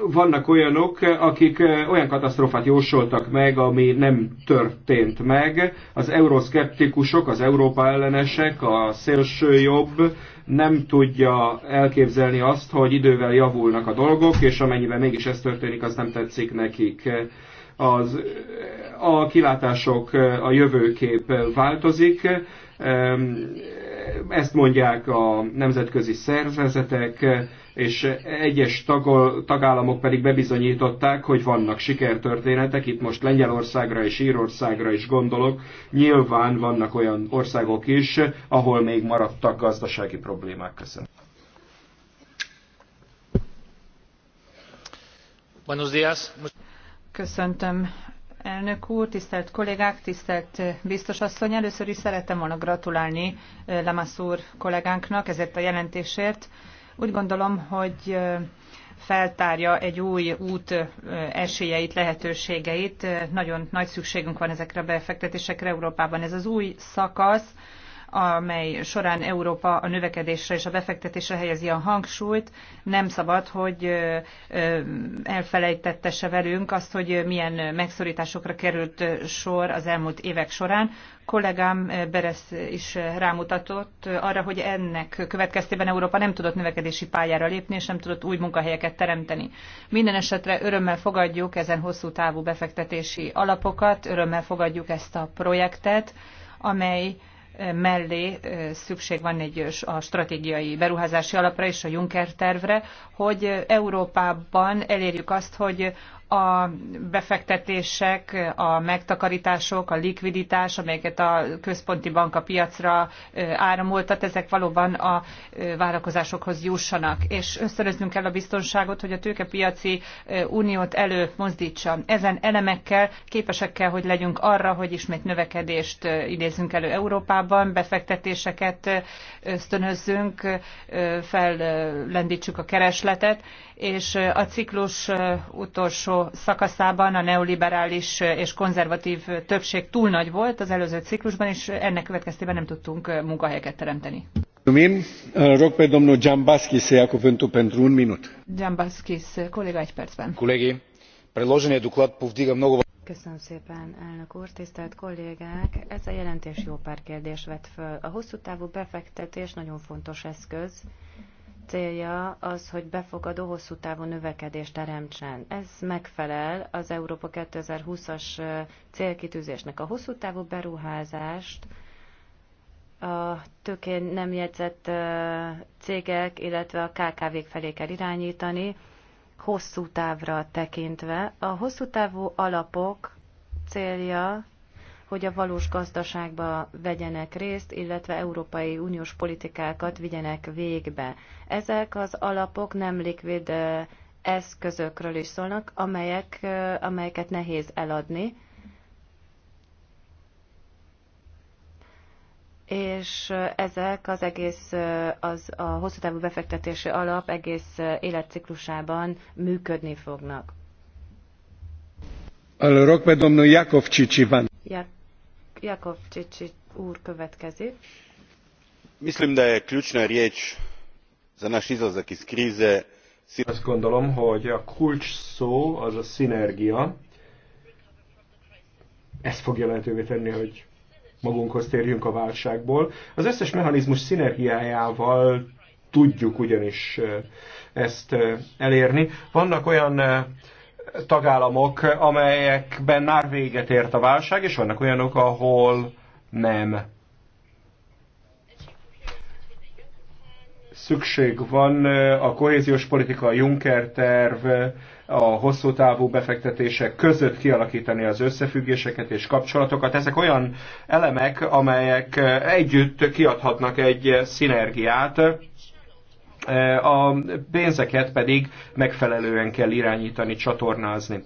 vannak olyanok, akik olyan katasztrofát jósoltak meg, ami nem történt meg. Az euroszkeptikusok, az Európa ellenesek, a szélső jobb nem tudja elképzelni azt, hogy idővel javulnak a dolgok, és amennyiben mégis ez történik, az nem tetszik nekik. Az, a kilátások, a jövőkép változik, ezt mondják a nemzetközi szervezetek, és egyes tagol, tagállamok pedig bebizonyították, hogy vannak sikertörténetek, itt most Lengyelországra és Írországra is gondolok, nyilván vannak olyan országok is, ahol még maradtak gazdasági problémák. Köszönöm. Köszöntöm elnök úr, tisztelt kollégák, tisztelt biztos asszony. Először is szeretem volna gratulálni Lamassur kollégánknak ezért a jelentésért úgy gondolom, hogy feltárja egy új út esélyeit, lehetőségeit. Nagyon nagy szükségünk van ezekre a befektetésekre Európában. Ez az új szakasz, amely során Európa a növekedésre és a befektetésre helyezi a hangsúlyt. Nem szabad, hogy elfelejtettese velünk azt, hogy milyen megszorításokra került sor az elmúlt évek során. Kollégám Beres is rámutatott arra, hogy ennek következtében Európa nem tudott növekedési pályára lépni, és nem tudott új munkahelyeket teremteni. Minden esetre örömmel fogadjuk ezen hosszú távú befektetési alapokat, örömmel fogadjuk ezt a projektet, amely mellé szükség van egy a stratégiai beruházási alapra és a Juncker tervre, hogy Európában elérjük azt, hogy a befektetések, a megtakarítások, a likviditás, amelyeket a központi bank a piacra áramoltat, ezek valóban a várakozásokhoz jussanak. És ösztönöznünk kell a biztonságot, hogy a tőkepiaci uniót előmozdítsa. Ezen elemekkel képesek kell, hogy legyünk arra, hogy ismét növekedést idézünk elő Európában, befektetéseket ösztönözzünk, fellendítsük a keresletet, és a ciklus utolsó utolsó szakaszában a neoliberális és konzervatív többség túl nagy volt az előző ciklusban, és ennek következtében nem tudtunk munkahelyeket teremteni. Mulțumim. Rog pe domnul Giambaschi să ia cuvântul pentru un minut. Giambaschi, colega, egy percben. Colegi, предложения доклад повдига много... Köszönöm szépen, elnök úr, tisztelt kollégák! Ez a jelentés jó pár kérdés vett föl. A hosszú távú befektetés nagyon fontos eszköz, célja az, hogy befogadó hosszú távú növekedést teremtsen. Ez megfelel az Európa 2020-as célkitűzésnek. A hosszú távú beruházást a tökén nem jegyzett cégek, illetve a KKV-k felé kell irányítani, hosszú távra tekintve. A hosszú távú alapok célja hogy a valós gazdaságba vegyenek részt, illetve Európai Uniós politikákat vigyenek végbe. Ezek az alapok nem likvid eszközökről is szólnak, amelyek, amelyeket nehéz eladni. és ezek az egész, az a hosszú távú befektetési alap egész életciklusában működni fognak. Allora, domnul Jakovcsics Jak úr következik. Mislim da je ključna riječ za naš izlazak iz krize. Azt gondolom, hogy a kulcs szó az a szinergia. Ez fogja lehetővé tenni, hogy magunkhoz térjünk a válságból. Az összes mechanizmus szinergiájával tudjuk ugyanis eh, ezt eh, elérni. Vannak olyan eh, tagállamok, amelyekben már véget ért a válság, és vannak olyanok, ahol nem. Szükség van a kohéziós politika, a Juncker terv, a hosszú távú befektetések között kialakítani az összefüggéseket és kapcsolatokat. Ezek olyan elemek, amelyek együtt kiadhatnak egy szinergiát, a pénzeket pedig megfelelően kell irányítani, csatornázni.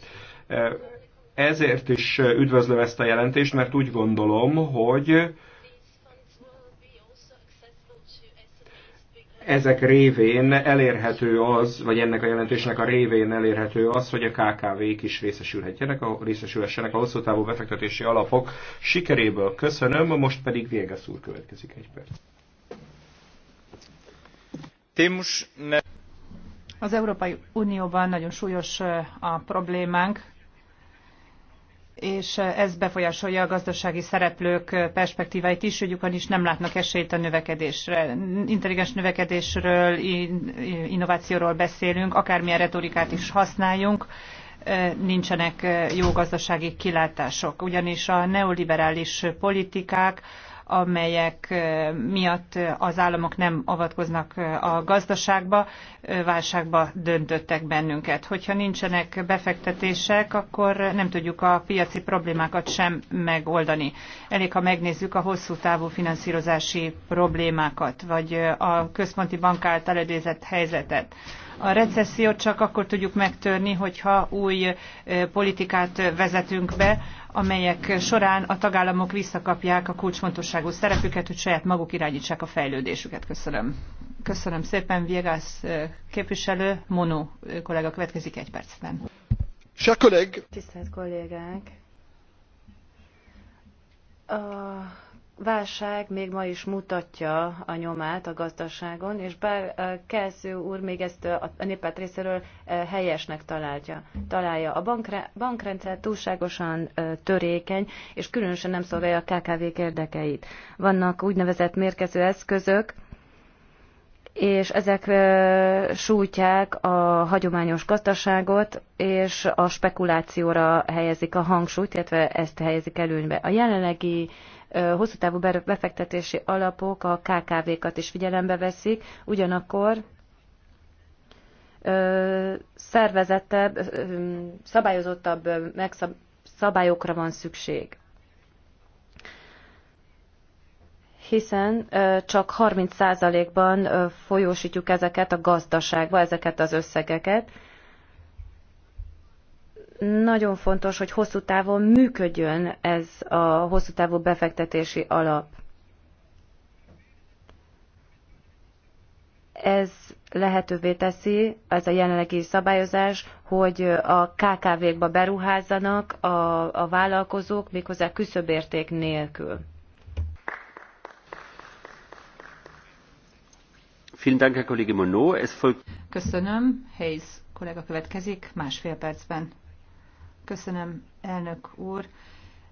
Ezért is üdvözlöm ezt a jelentést, mert úgy gondolom, hogy ezek révén elérhető az, vagy ennek a jelentésnek a révén elérhető az, hogy a KKV-k is részesülhetjenek, a, részesülhessenek a hosszú távú befektetési alapok sikeréből. Köszönöm, most pedig vége úr következik egy perc. Az Európai Unióban nagyon súlyos a problémánk, és ez befolyásolja a gazdasági szereplők perspektíváit is, hogy ugyanis nem látnak esélyt a növekedésre. Intelligens növekedésről, innovációról beszélünk, akármilyen retorikát is használjunk, nincsenek jó gazdasági kilátások. Ugyanis a neoliberális politikák, amelyek miatt az államok nem avatkoznak a gazdaságba, válságba döntöttek bennünket. Hogyha nincsenek befektetések, akkor nem tudjuk a piaci problémákat sem megoldani. Elég, ha megnézzük a hosszú távú finanszírozási problémákat, vagy a központi bank által előzett helyzetet. A recessziót csak akkor tudjuk megtörni, hogyha új politikát vezetünk be, amelyek során a tagállamok visszakapják a kulcsfontosságú szerepüket, hogy saját maguk irányítsák a fejlődésüket. Köszönöm. Köszönöm szépen, Viegas képviselő. Mono kollega következik egy percben. Tisztelt kollégák! A válság még ma is mutatja a nyomát a gazdaságon, és bár Kelsző úr még ezt a népet részéről helyesnek találja. találja. A bankre, bankrendszer túlságosan törékeny, és különösen nem szolgálja a KKV-k érdekeit. Vannak úgynevezett mérkező eszközök, és ezek sújtják a hagyományos gazdaságot, és a spekulációra helyezik a hangsúlyt, illetve ezt helyezik előnybe. A jelenlegi hosszú távú befektetési alapok a KKV-kat is figyelembe veszik, ugyanakkor szervezettebb, szabályozottabb szabályokra van szükség. hiszen csak 30%-ban folyósítjuk ezeket a gazdaságba, ezeket az összegeket, nagyon fontos, hogy hosszú távon működjön ez a hosszú távú befektetési alap. Ez lehetővé teszi, ez a jelenlegi szabályozás, hogy a KKV-kba beruházzanak a, a vállalkozók, méghozzá küszöbérték nélkül. Köszönöm. Hayes kollega következik másfél percben. Köszönöm, elnök úr.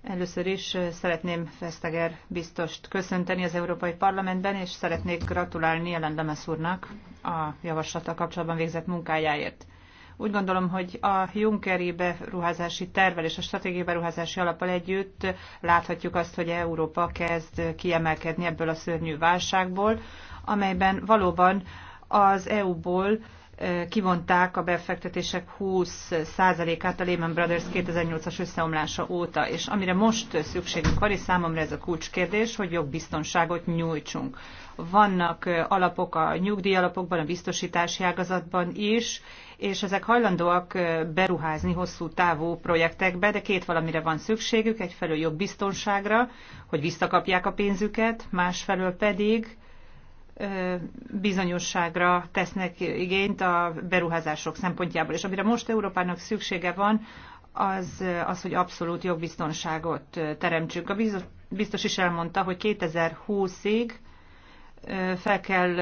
Először is eh, szeretném Feszteger biztost köszönteni az Európai Parlamentben, és szeretnék gratulálni Jelen Demesz úrnak a javaslata kapcsolatban végzett munkájáért. Úgy gondolom, hogy a Junckeri beruházási tervel és a stratégiai beruházási alappal együtt láthatjuk azt, hogy Európa kezd kiemelkedni ebből a szörnyű válságból, amelyben valóban az EU-ból kivonták a befektetések 20%-át a Lehman Brothers 2008-as összeomlása óta, és amire most szükségünk van, és számomra ez a kulcskérdés, hogy jogbiztonságot nyújtsunk. Vannak alapok a nyugdíjalapokban, a biztosítási ágazatban is, és ezek hajlandóak beruházni hosszú távú projektekbe, de két valamire van szükségük, egyfelől jobb biztonságra, hogy visszakapják a pénzüket, másfelől pedig bizonyosságra tesznek igényt a beruházások szempontjából. És amire most Európának szüksége van, az, az hogy abszolút jogbiztonságot teremtsünk. A biztos is elmondta, hogy 2020-ig fel kell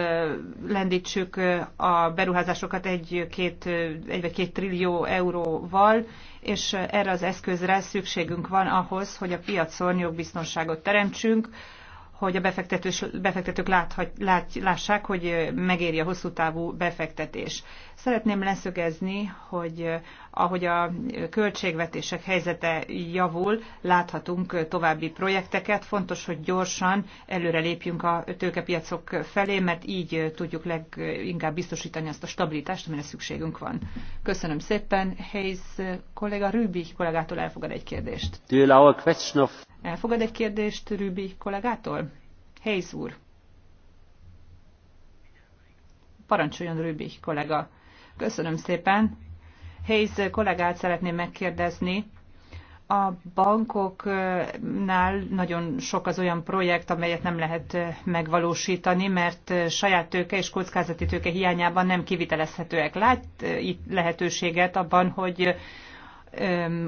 lendítsük a beruházásokat egy-két, egy vagy két trillió euróval, és erre az eszközre szükségünk van ahhoz, hogy a piacon jogbiztonságot teremtsünk, hogy a befektetők láthat, lát, lássák, hogy megéri a hosszú távú befektetés. Szeretném leszögezni, hogy ahogy a költségvetések helyzete javul, láthatunk további projekteket. Fontos, hogy gyorsan előre lépjünk a tőkepiacok felé, mert így tudjuk leginkább biztosítani azt a stabilitást, amire szükségünk van. Köszönöm szépen. Hayes kollega Rübi kollégától elfogad egy kérdést. Elfogad egy kérdést Rübi kollégától? Hayes úr. Parancsoljon Rübi kollega. Köszönöm szépen. Hayes kollégát szeretném megkérdezni. A bankoknál nagyon sok az olyan projekt, amelyet nem lehet megvalósítani, mert saját tőke és kockázati tőke hiányában nem kivitelezhetőek. Lát itt lehetőséget abban, hogy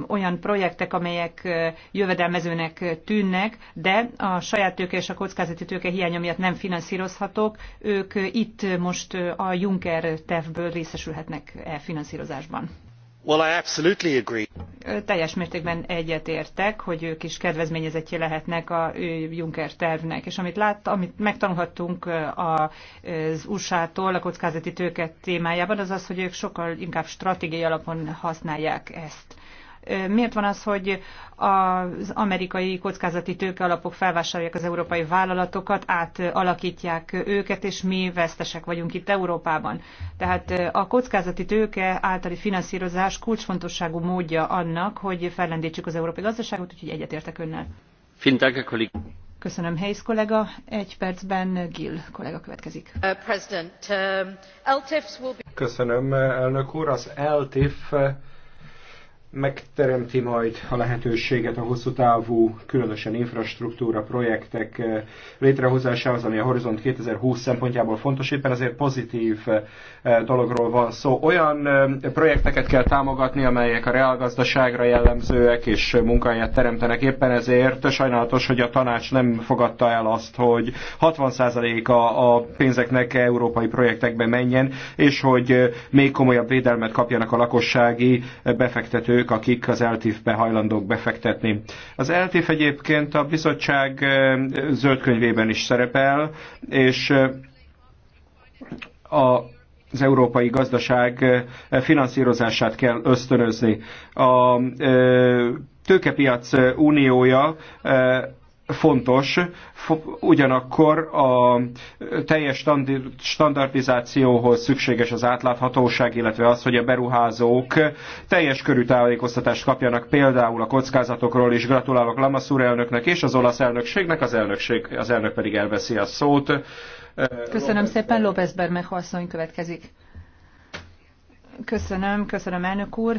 olyan projektek, amelyek jövedelmezőnek tűnnek, de a saját tőke és a kockázati tőke hiánya miatt nem finanszírozhatók, ők itt most a Juncker tervből részesülhetnek e finanszírozásban. Well, I absolutely agree. Teljes mértékben egyetértek, hogy ők is kedvezményezettje lehetnek a Juncker tervnek. És amit, lát, amit megtanulhattunk az USA-tól a kockázati tőket témájában, az az, hogy ők sokkal inkább stratégiai alapon használják ezt. Miért van az, hogy az amerikai kockázati tőkealapok felvásárolják az európai vállalatokat, átalakítják őket, és mi vesztesek vagyunk itt Európában. Tehát a kockázati tőke általi finanszírozás kulcsfontosságú módja annak, hogy fellendítsük az európai gazdaságot, úgyhogy egyetértek önnel. Köszönöm, Hayes kollega. Egy percben Gill kollega következik. Uh, um, Köszönöm, elnök úr. Az LTIF megteremti majd a lehetőséget a hosszú távú, különösen infrastruktúra projektek eh, létrehozásához, ami a Horizont 2020 szempontjából fontos. Éppen azért pozitív eh, dologról van szó. Olyan eh, projekteket kell támogatni, amelyek a reálgazdaságra jellemzőek és munkáját teremtenek. Éppen ezért sajnálatos, hogy a tanács nem fogadta el azt, hogy 60%-a a pénzeknek európai projektekbe menjen, és hogy még komolyabb védelmet kapjanak a lakossági befektetők ők, akik az LTIF-be hajlandók befektetni. Az LTIF egyébként a bizottság zöldkönyvében is szerepel, és a az európai gazdaság finanszírozását kell ösztönözni. A tőkepiac uniója fontos, ugyanakkor a teljes standardizációhoz szükséges az átláthatóság, illetve az, hogy a beruházók teljes körű tájékoztatást kapjanak például a kockázatokról is. Gratulálok Lamassur elnöknek és az olasz elnökségnek, az, elnökség, az elnök pedig elveszi a szót. Köszönöm López szépen, López Bermejo asszony következik. Köszönöm, köszönöm elnök úr.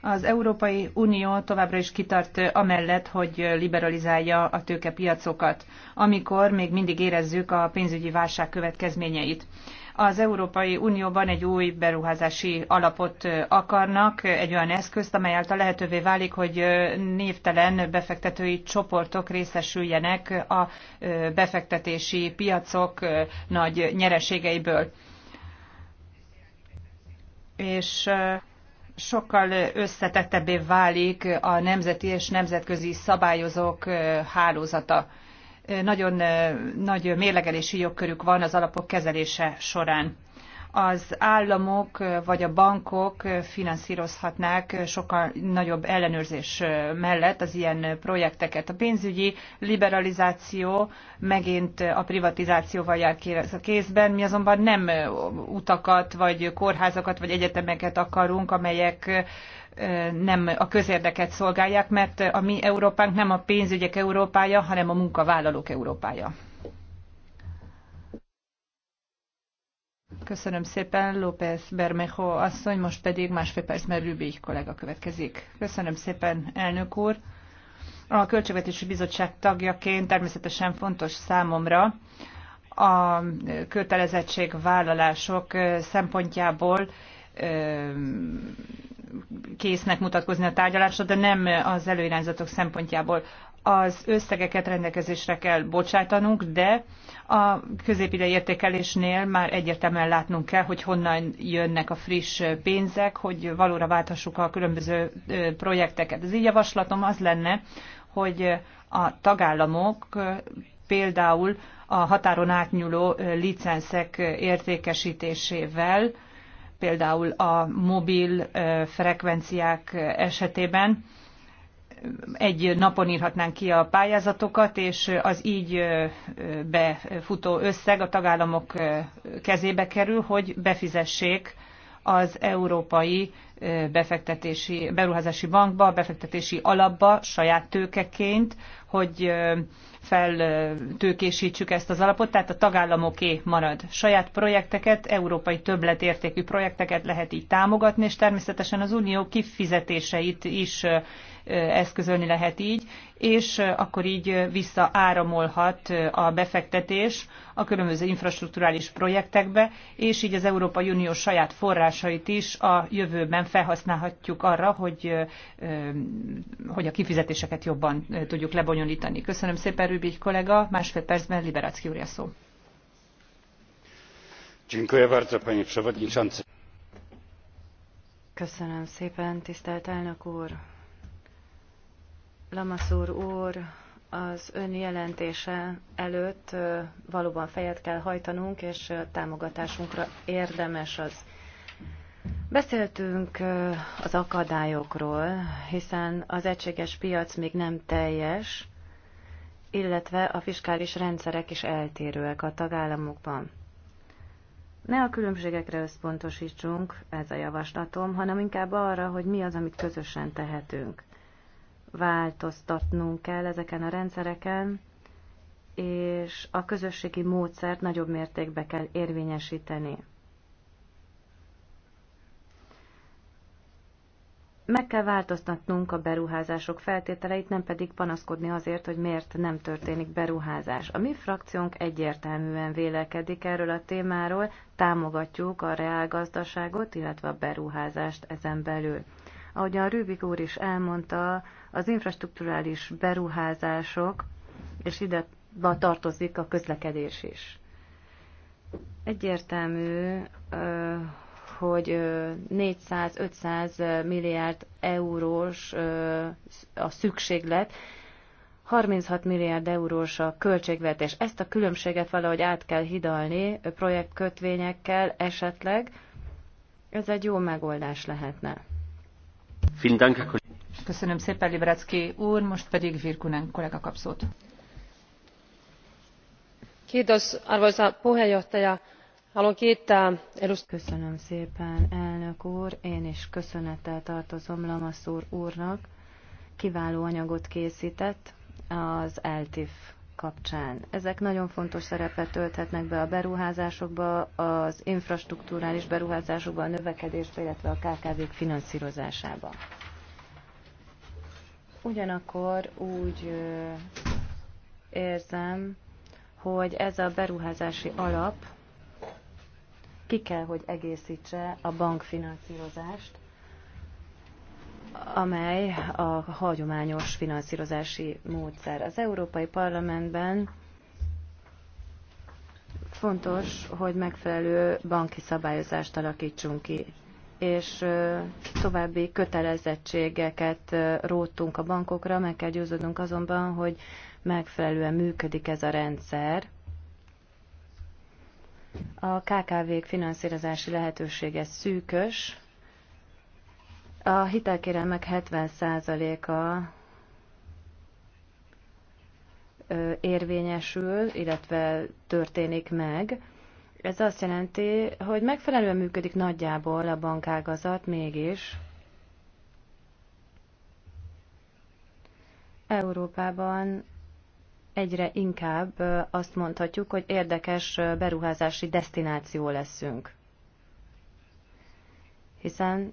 Az Európai Unió továbbra is kitart amellett, hogy liberalizálja a tőkepiacokat, amikor még mindig érezzük a pénzügyi válság következményeit az Európai Unióban egy új beruházási alapot akarnak, egy olyan eszközt, amely által lehetővé válik, hogy névtelen befektetői csoportok részesüljenek a befektetési piacok nagy nyereségeiből. És sokkal összetettebbé válik a nemzeti és nemzetközi szabályozók hálózata. Nagyon nagy mérlegelési jogkörük van az alapok kezelése során az államok vagy a bankok finanszírozhatnák sokkal nagyobb ellenőrzés mellett az ilyen projekteket. A pénzügyi liberalizáció megint a privatizációval jár kéz a kézben. Mi azonban nem utakat, vagy kórházakat, vagy egyetemeket akarunk, amelyek nem a közérdeket szolgálják, mert a mi Európánk nem a pénzügyek Európája, hanem a munkavállalók Európája. Köszönöm szépen, López Bermejo asszony, most pedig másfél perc, mert Rübi kollega következik. Köszönöm szépen, elnök úr. A Költségvetési Bizottság tagjaként természetesen fontos számomra a kötelezettségvállalások szempontjából késznek mutatkozni a tárgyalásra, de nem az előirányzatok szempontjából. Az összegeket rendelkezésre kell bocsátanunk, de a középidei értékelésnél már egyértelműen látnunk kell, hogy honnan jönnek a friss pénzek, hogy valóra válthassuk a különböző projekteket. Az így javaslatom az lenne, hogy a tagállamok például a határon átnyúló licenszek értékesítésével, például a mobil frekvenciák esetében egy napon írhatnánk ki a pályázatokat, és az így befutó összeg a tagállamok kezébe kerül, hogy befizessék az Európai befektetési, Beruházási Bankba, befektetési alapba saját tőkeként, hogy feltőkésítsük ezt az alapot, tehát a tagállamoké marad. Saját projekteket, európai többletértékű projekteket lehet így támogatni, és természetesen az unió kifizetéseit is eszközölni lehet így, és akkor így visszaáramolhat a befektetés a különböző infrastruktúrális projektekbe, és így az Európai Unió saját forrásait is a jövőben felhasználhatjuk arra, hogy, hogy a kifizetéseket jobban tudjuk lebonyolítani. Köszönöm szépen, Rübi kollega, másfél percben Liberácki úr szó. Köszönöm szépen, tisztelt elnök úr! Lamaszúr úr, az ön jelentése előtt valóban fejet kell hajtanunk, és támogatásunkra érdemes az. Beszéltünk az akadályokról, hiszen az egységes piac még nem teljes, illetve a fiskális rendszerek is eltérőek a tagállamokban. Ne a különbségekre összpontosítsunk, ez a javaslatom, hanem inkább arra, hogy mi az, amit közösen tehetünk változtatnunk kell ezeken a rendszereken, és a közösségi módszert nagyobb mértékben kell érvényesíteni. Meg kell változtatnunk a beruházások feltételeit, nem pedig panaszkodni azért, hogy miért nem történik beruházás. A mi frakciónk egyértelműen vélekedik erről a témáról, támogatjuk a reálgazdaságot, illetve a beruházást ezen belül. Ahogyan Rübig úr is elmondta, az infrastruktúrális beruházások, és ide tartozik a közlekedés is. Egyértelmű, hogy 400-500 milliárd eurós a szükséglet, 36 milliárd eurós a költségvetés. Ezt a különbséget valahogy át kell hidalni projektkötvényekkel esetleg. Ez egy jó megoldás lehetne. Köszönöm szépen, Libracki úr, most pedig Virkunen kollega kap szót. arvoisa puheenjohtaja. Haluan kiittää Köszönöm szépen, elnök úr. Én is köszönettel tartozom Lamassur úrnak. Kiváló anyagot készített az ELTIF kapcsán. Ezek nagyon fontos szerepet tölthetnek be a beruházásokba, az infrastruktúrális beruházásokba, a növekedésbe, illetve a KKV-k finanszírozásába. Ugyanakkor úgy érzem, hogy ez a beruházási alap ki kell, hogy egészítse a bankfinanszírozást, amely a hagyományos finanszírozási módszer. Az Európai Parlamentben fontos, hogy megfelelő banki szabályozást alakítsunk ki, és további kötelezettségeket róttunk a bankokra, meg kell győződnünk azonban, hogy megfelelően működik ez a rendszer. A KKV-k finanszírozási lehetősége szűkös, a hitelkérelmek 70%-a érvényesül, illetve történik meg. Ez azt jelenti, hogy megfelelően működik nagyjából a bankágazat, mégis Európában egyre inkább azt mondhatjuk, hogy érdekes beruházási destináció leszünk. Hiszen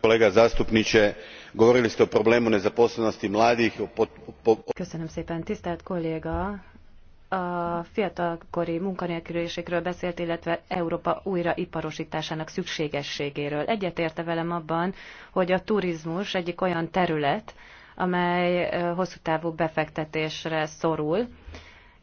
kolega zastupnie govorili ste o problemu nezaposlenosti mladih. szépen tisztelt kolléga a fiatalkori munkanélküliségről beszélt illetve európa újraiparostásának szükségességéről. egyetért e velem abban hogy a turizmus egyik olyan terület amely hosszú távú befektetésre szorul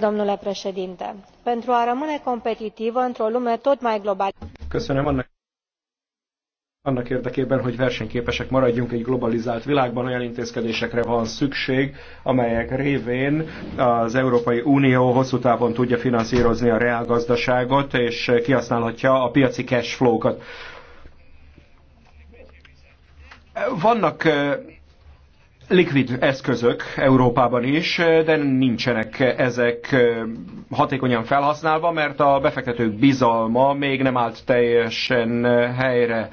domnule președinte pentru a rămâne competitivă într o lume tot mai globalizată. annak annak érdekében, hogy versenyképesek maradjunk egy globalizált világban, olyan intézkedésekre van szükség, amelyek révén az Európai Unió hosszú távon tudja finanszírozni a reálgazdaságot, és kihasználhatja a piaci cash flow-kat. Vannak likvid eszközök Európában is, de nincsenek ezek hatékonyan felhasználva, mert a befektetők bizalma még nem állt teljesen helyre.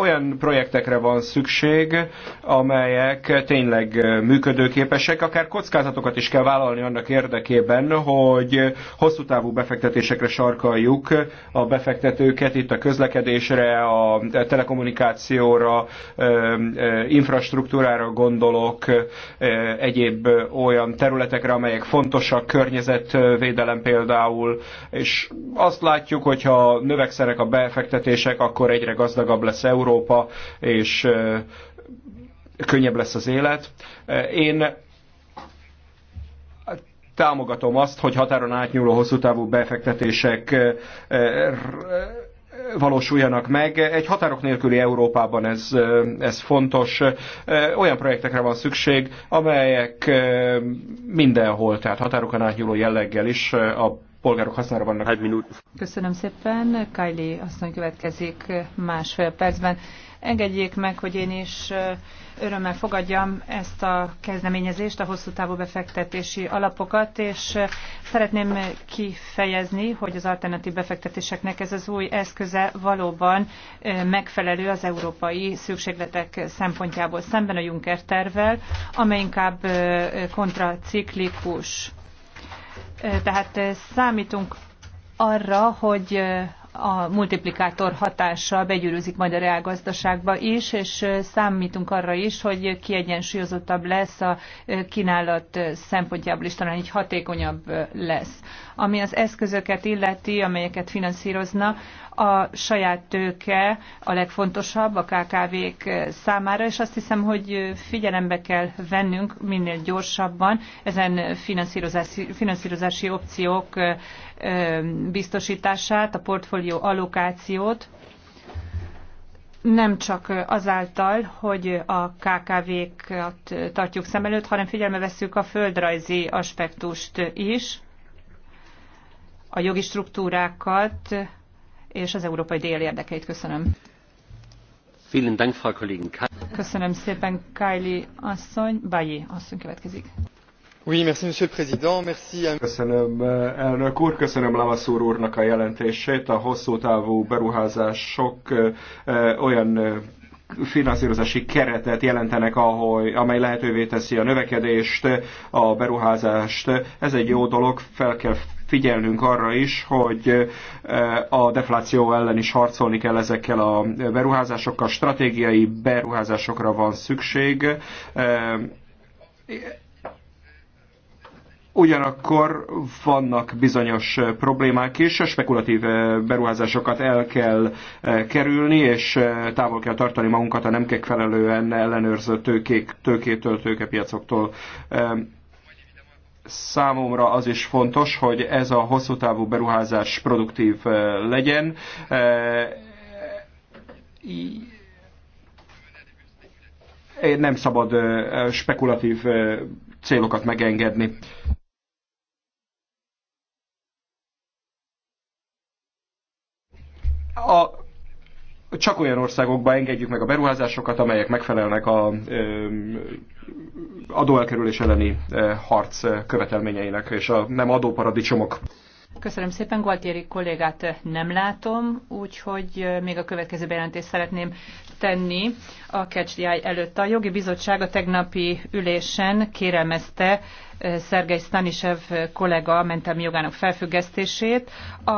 Olyan projektekre van szükség, amelyek tényleg működőképesek, akár kockázatokat is kell vállalni annak érdekében, hogy hosszú távú befektetésekre sarkaljuk a befektetőket itt a közlekedésre, a telekommunikációra, infrastruktúrára gondolom, utalok egyéb olyan területekre, amelyek fontosak, környezetvédelem például, és azt látjuk, hogyha növekszenek a befektetések, akkor egyre gazdagabb lesz Európa, és könnyebb lesz az élet. Én támogatom azt, hogy határon átnyúló hosszú távú befektetések valósuljanak meg. Egy határok nélküli Európában ez, ez fontos. Olyan projektekre van szükség, amelyek mindenhol, tehát határokon átnyúló jelleggel is a polgárok hasznára vannak. Köszönöm szépen. Kylie asszony következik másfél percben. Engedjék meg, hogy én is örömmel fogadjam ezt a kezdeményezést, a hosszú távú befektetési alapokat, és szeretném kifejezni, hogy az alternatív befektetéseknek ez az új eszköze valóban megfelelő az európai szükségletek szempontjából szemben a Juncker tervvel, amely inkább kontraciklikus. Tehát számítunk arra, hogy a multiplikátor hatása begyűrűzik majd a reálgazdaságba is, és számítunk arra is, hogy kiegyensúlyozottabb lesz a kínálat szempontjából is, talán így hatékonyabb lesz ami az eszközöket illeti, amelyeket finanszírozna, a saját tőke a legfontosabb a KKV-k számára, és azt hiszem, hogy figyelembe kell vennünk minél gyorsabban ezen finanszírozási, finanszírozási opciók biztosítását, a portfólió allokációt, nem csak azáltal, hogy a KKV-kat tartjuk szem előtt, hanem figyelme veszük a földrajzi aspektust is a jogi struktúrákat és az európai dél érdekeit. Köszönöm. Köszönöm szépen, Kylie asszony. Bayi asszony következik. Oui, merci, monsieur le président. Merci. Köszönöm, eh, elnök úr, köszönöm Lavaszúr úrnak a jelentését. A hosszú távú beruházások eh, eh, olyan finanszírozási keretet jelentenek, ahol, amely lehetővé teszi a növekedést, a beruházást. Ez egy jó dolog, fel kell figyelnünk arra is, hogy a defláció ellen is harcolni kell ezekkel a beruházásokkal, stratégiai beruházásokra van szükség. Ugyanakkor vannak bizonyos problémák is, a spekulatív beruházásokat el kell kerülni, és távol kell tartani magunkat a nem megfelelően ellenőrző tőkék, tőkétől, tőkepiacoktól számomra az is fontos, hogy ez a hosszú távú beruházás produktív eh, legyen. Eh, nem szabad eh, spekulatív célokat megengedni. A, csak olyan országokba engedjük meg a beruházásokat, amelyek megfelelnek a ö, adóelkerülés elleni eh, harc eh, követelményeinek és a nem adóparadicsomok. Köszönöm szépen, Gualtieri kollégát eh, nem látom, úgyhogy még a következő bejelentést szeretném tenni a KCDI előtt. A jogi bizottság a tegnapi ülésen kérelmezte Szergej Stanisev kollega mentelmi jogának felfüggesztését. A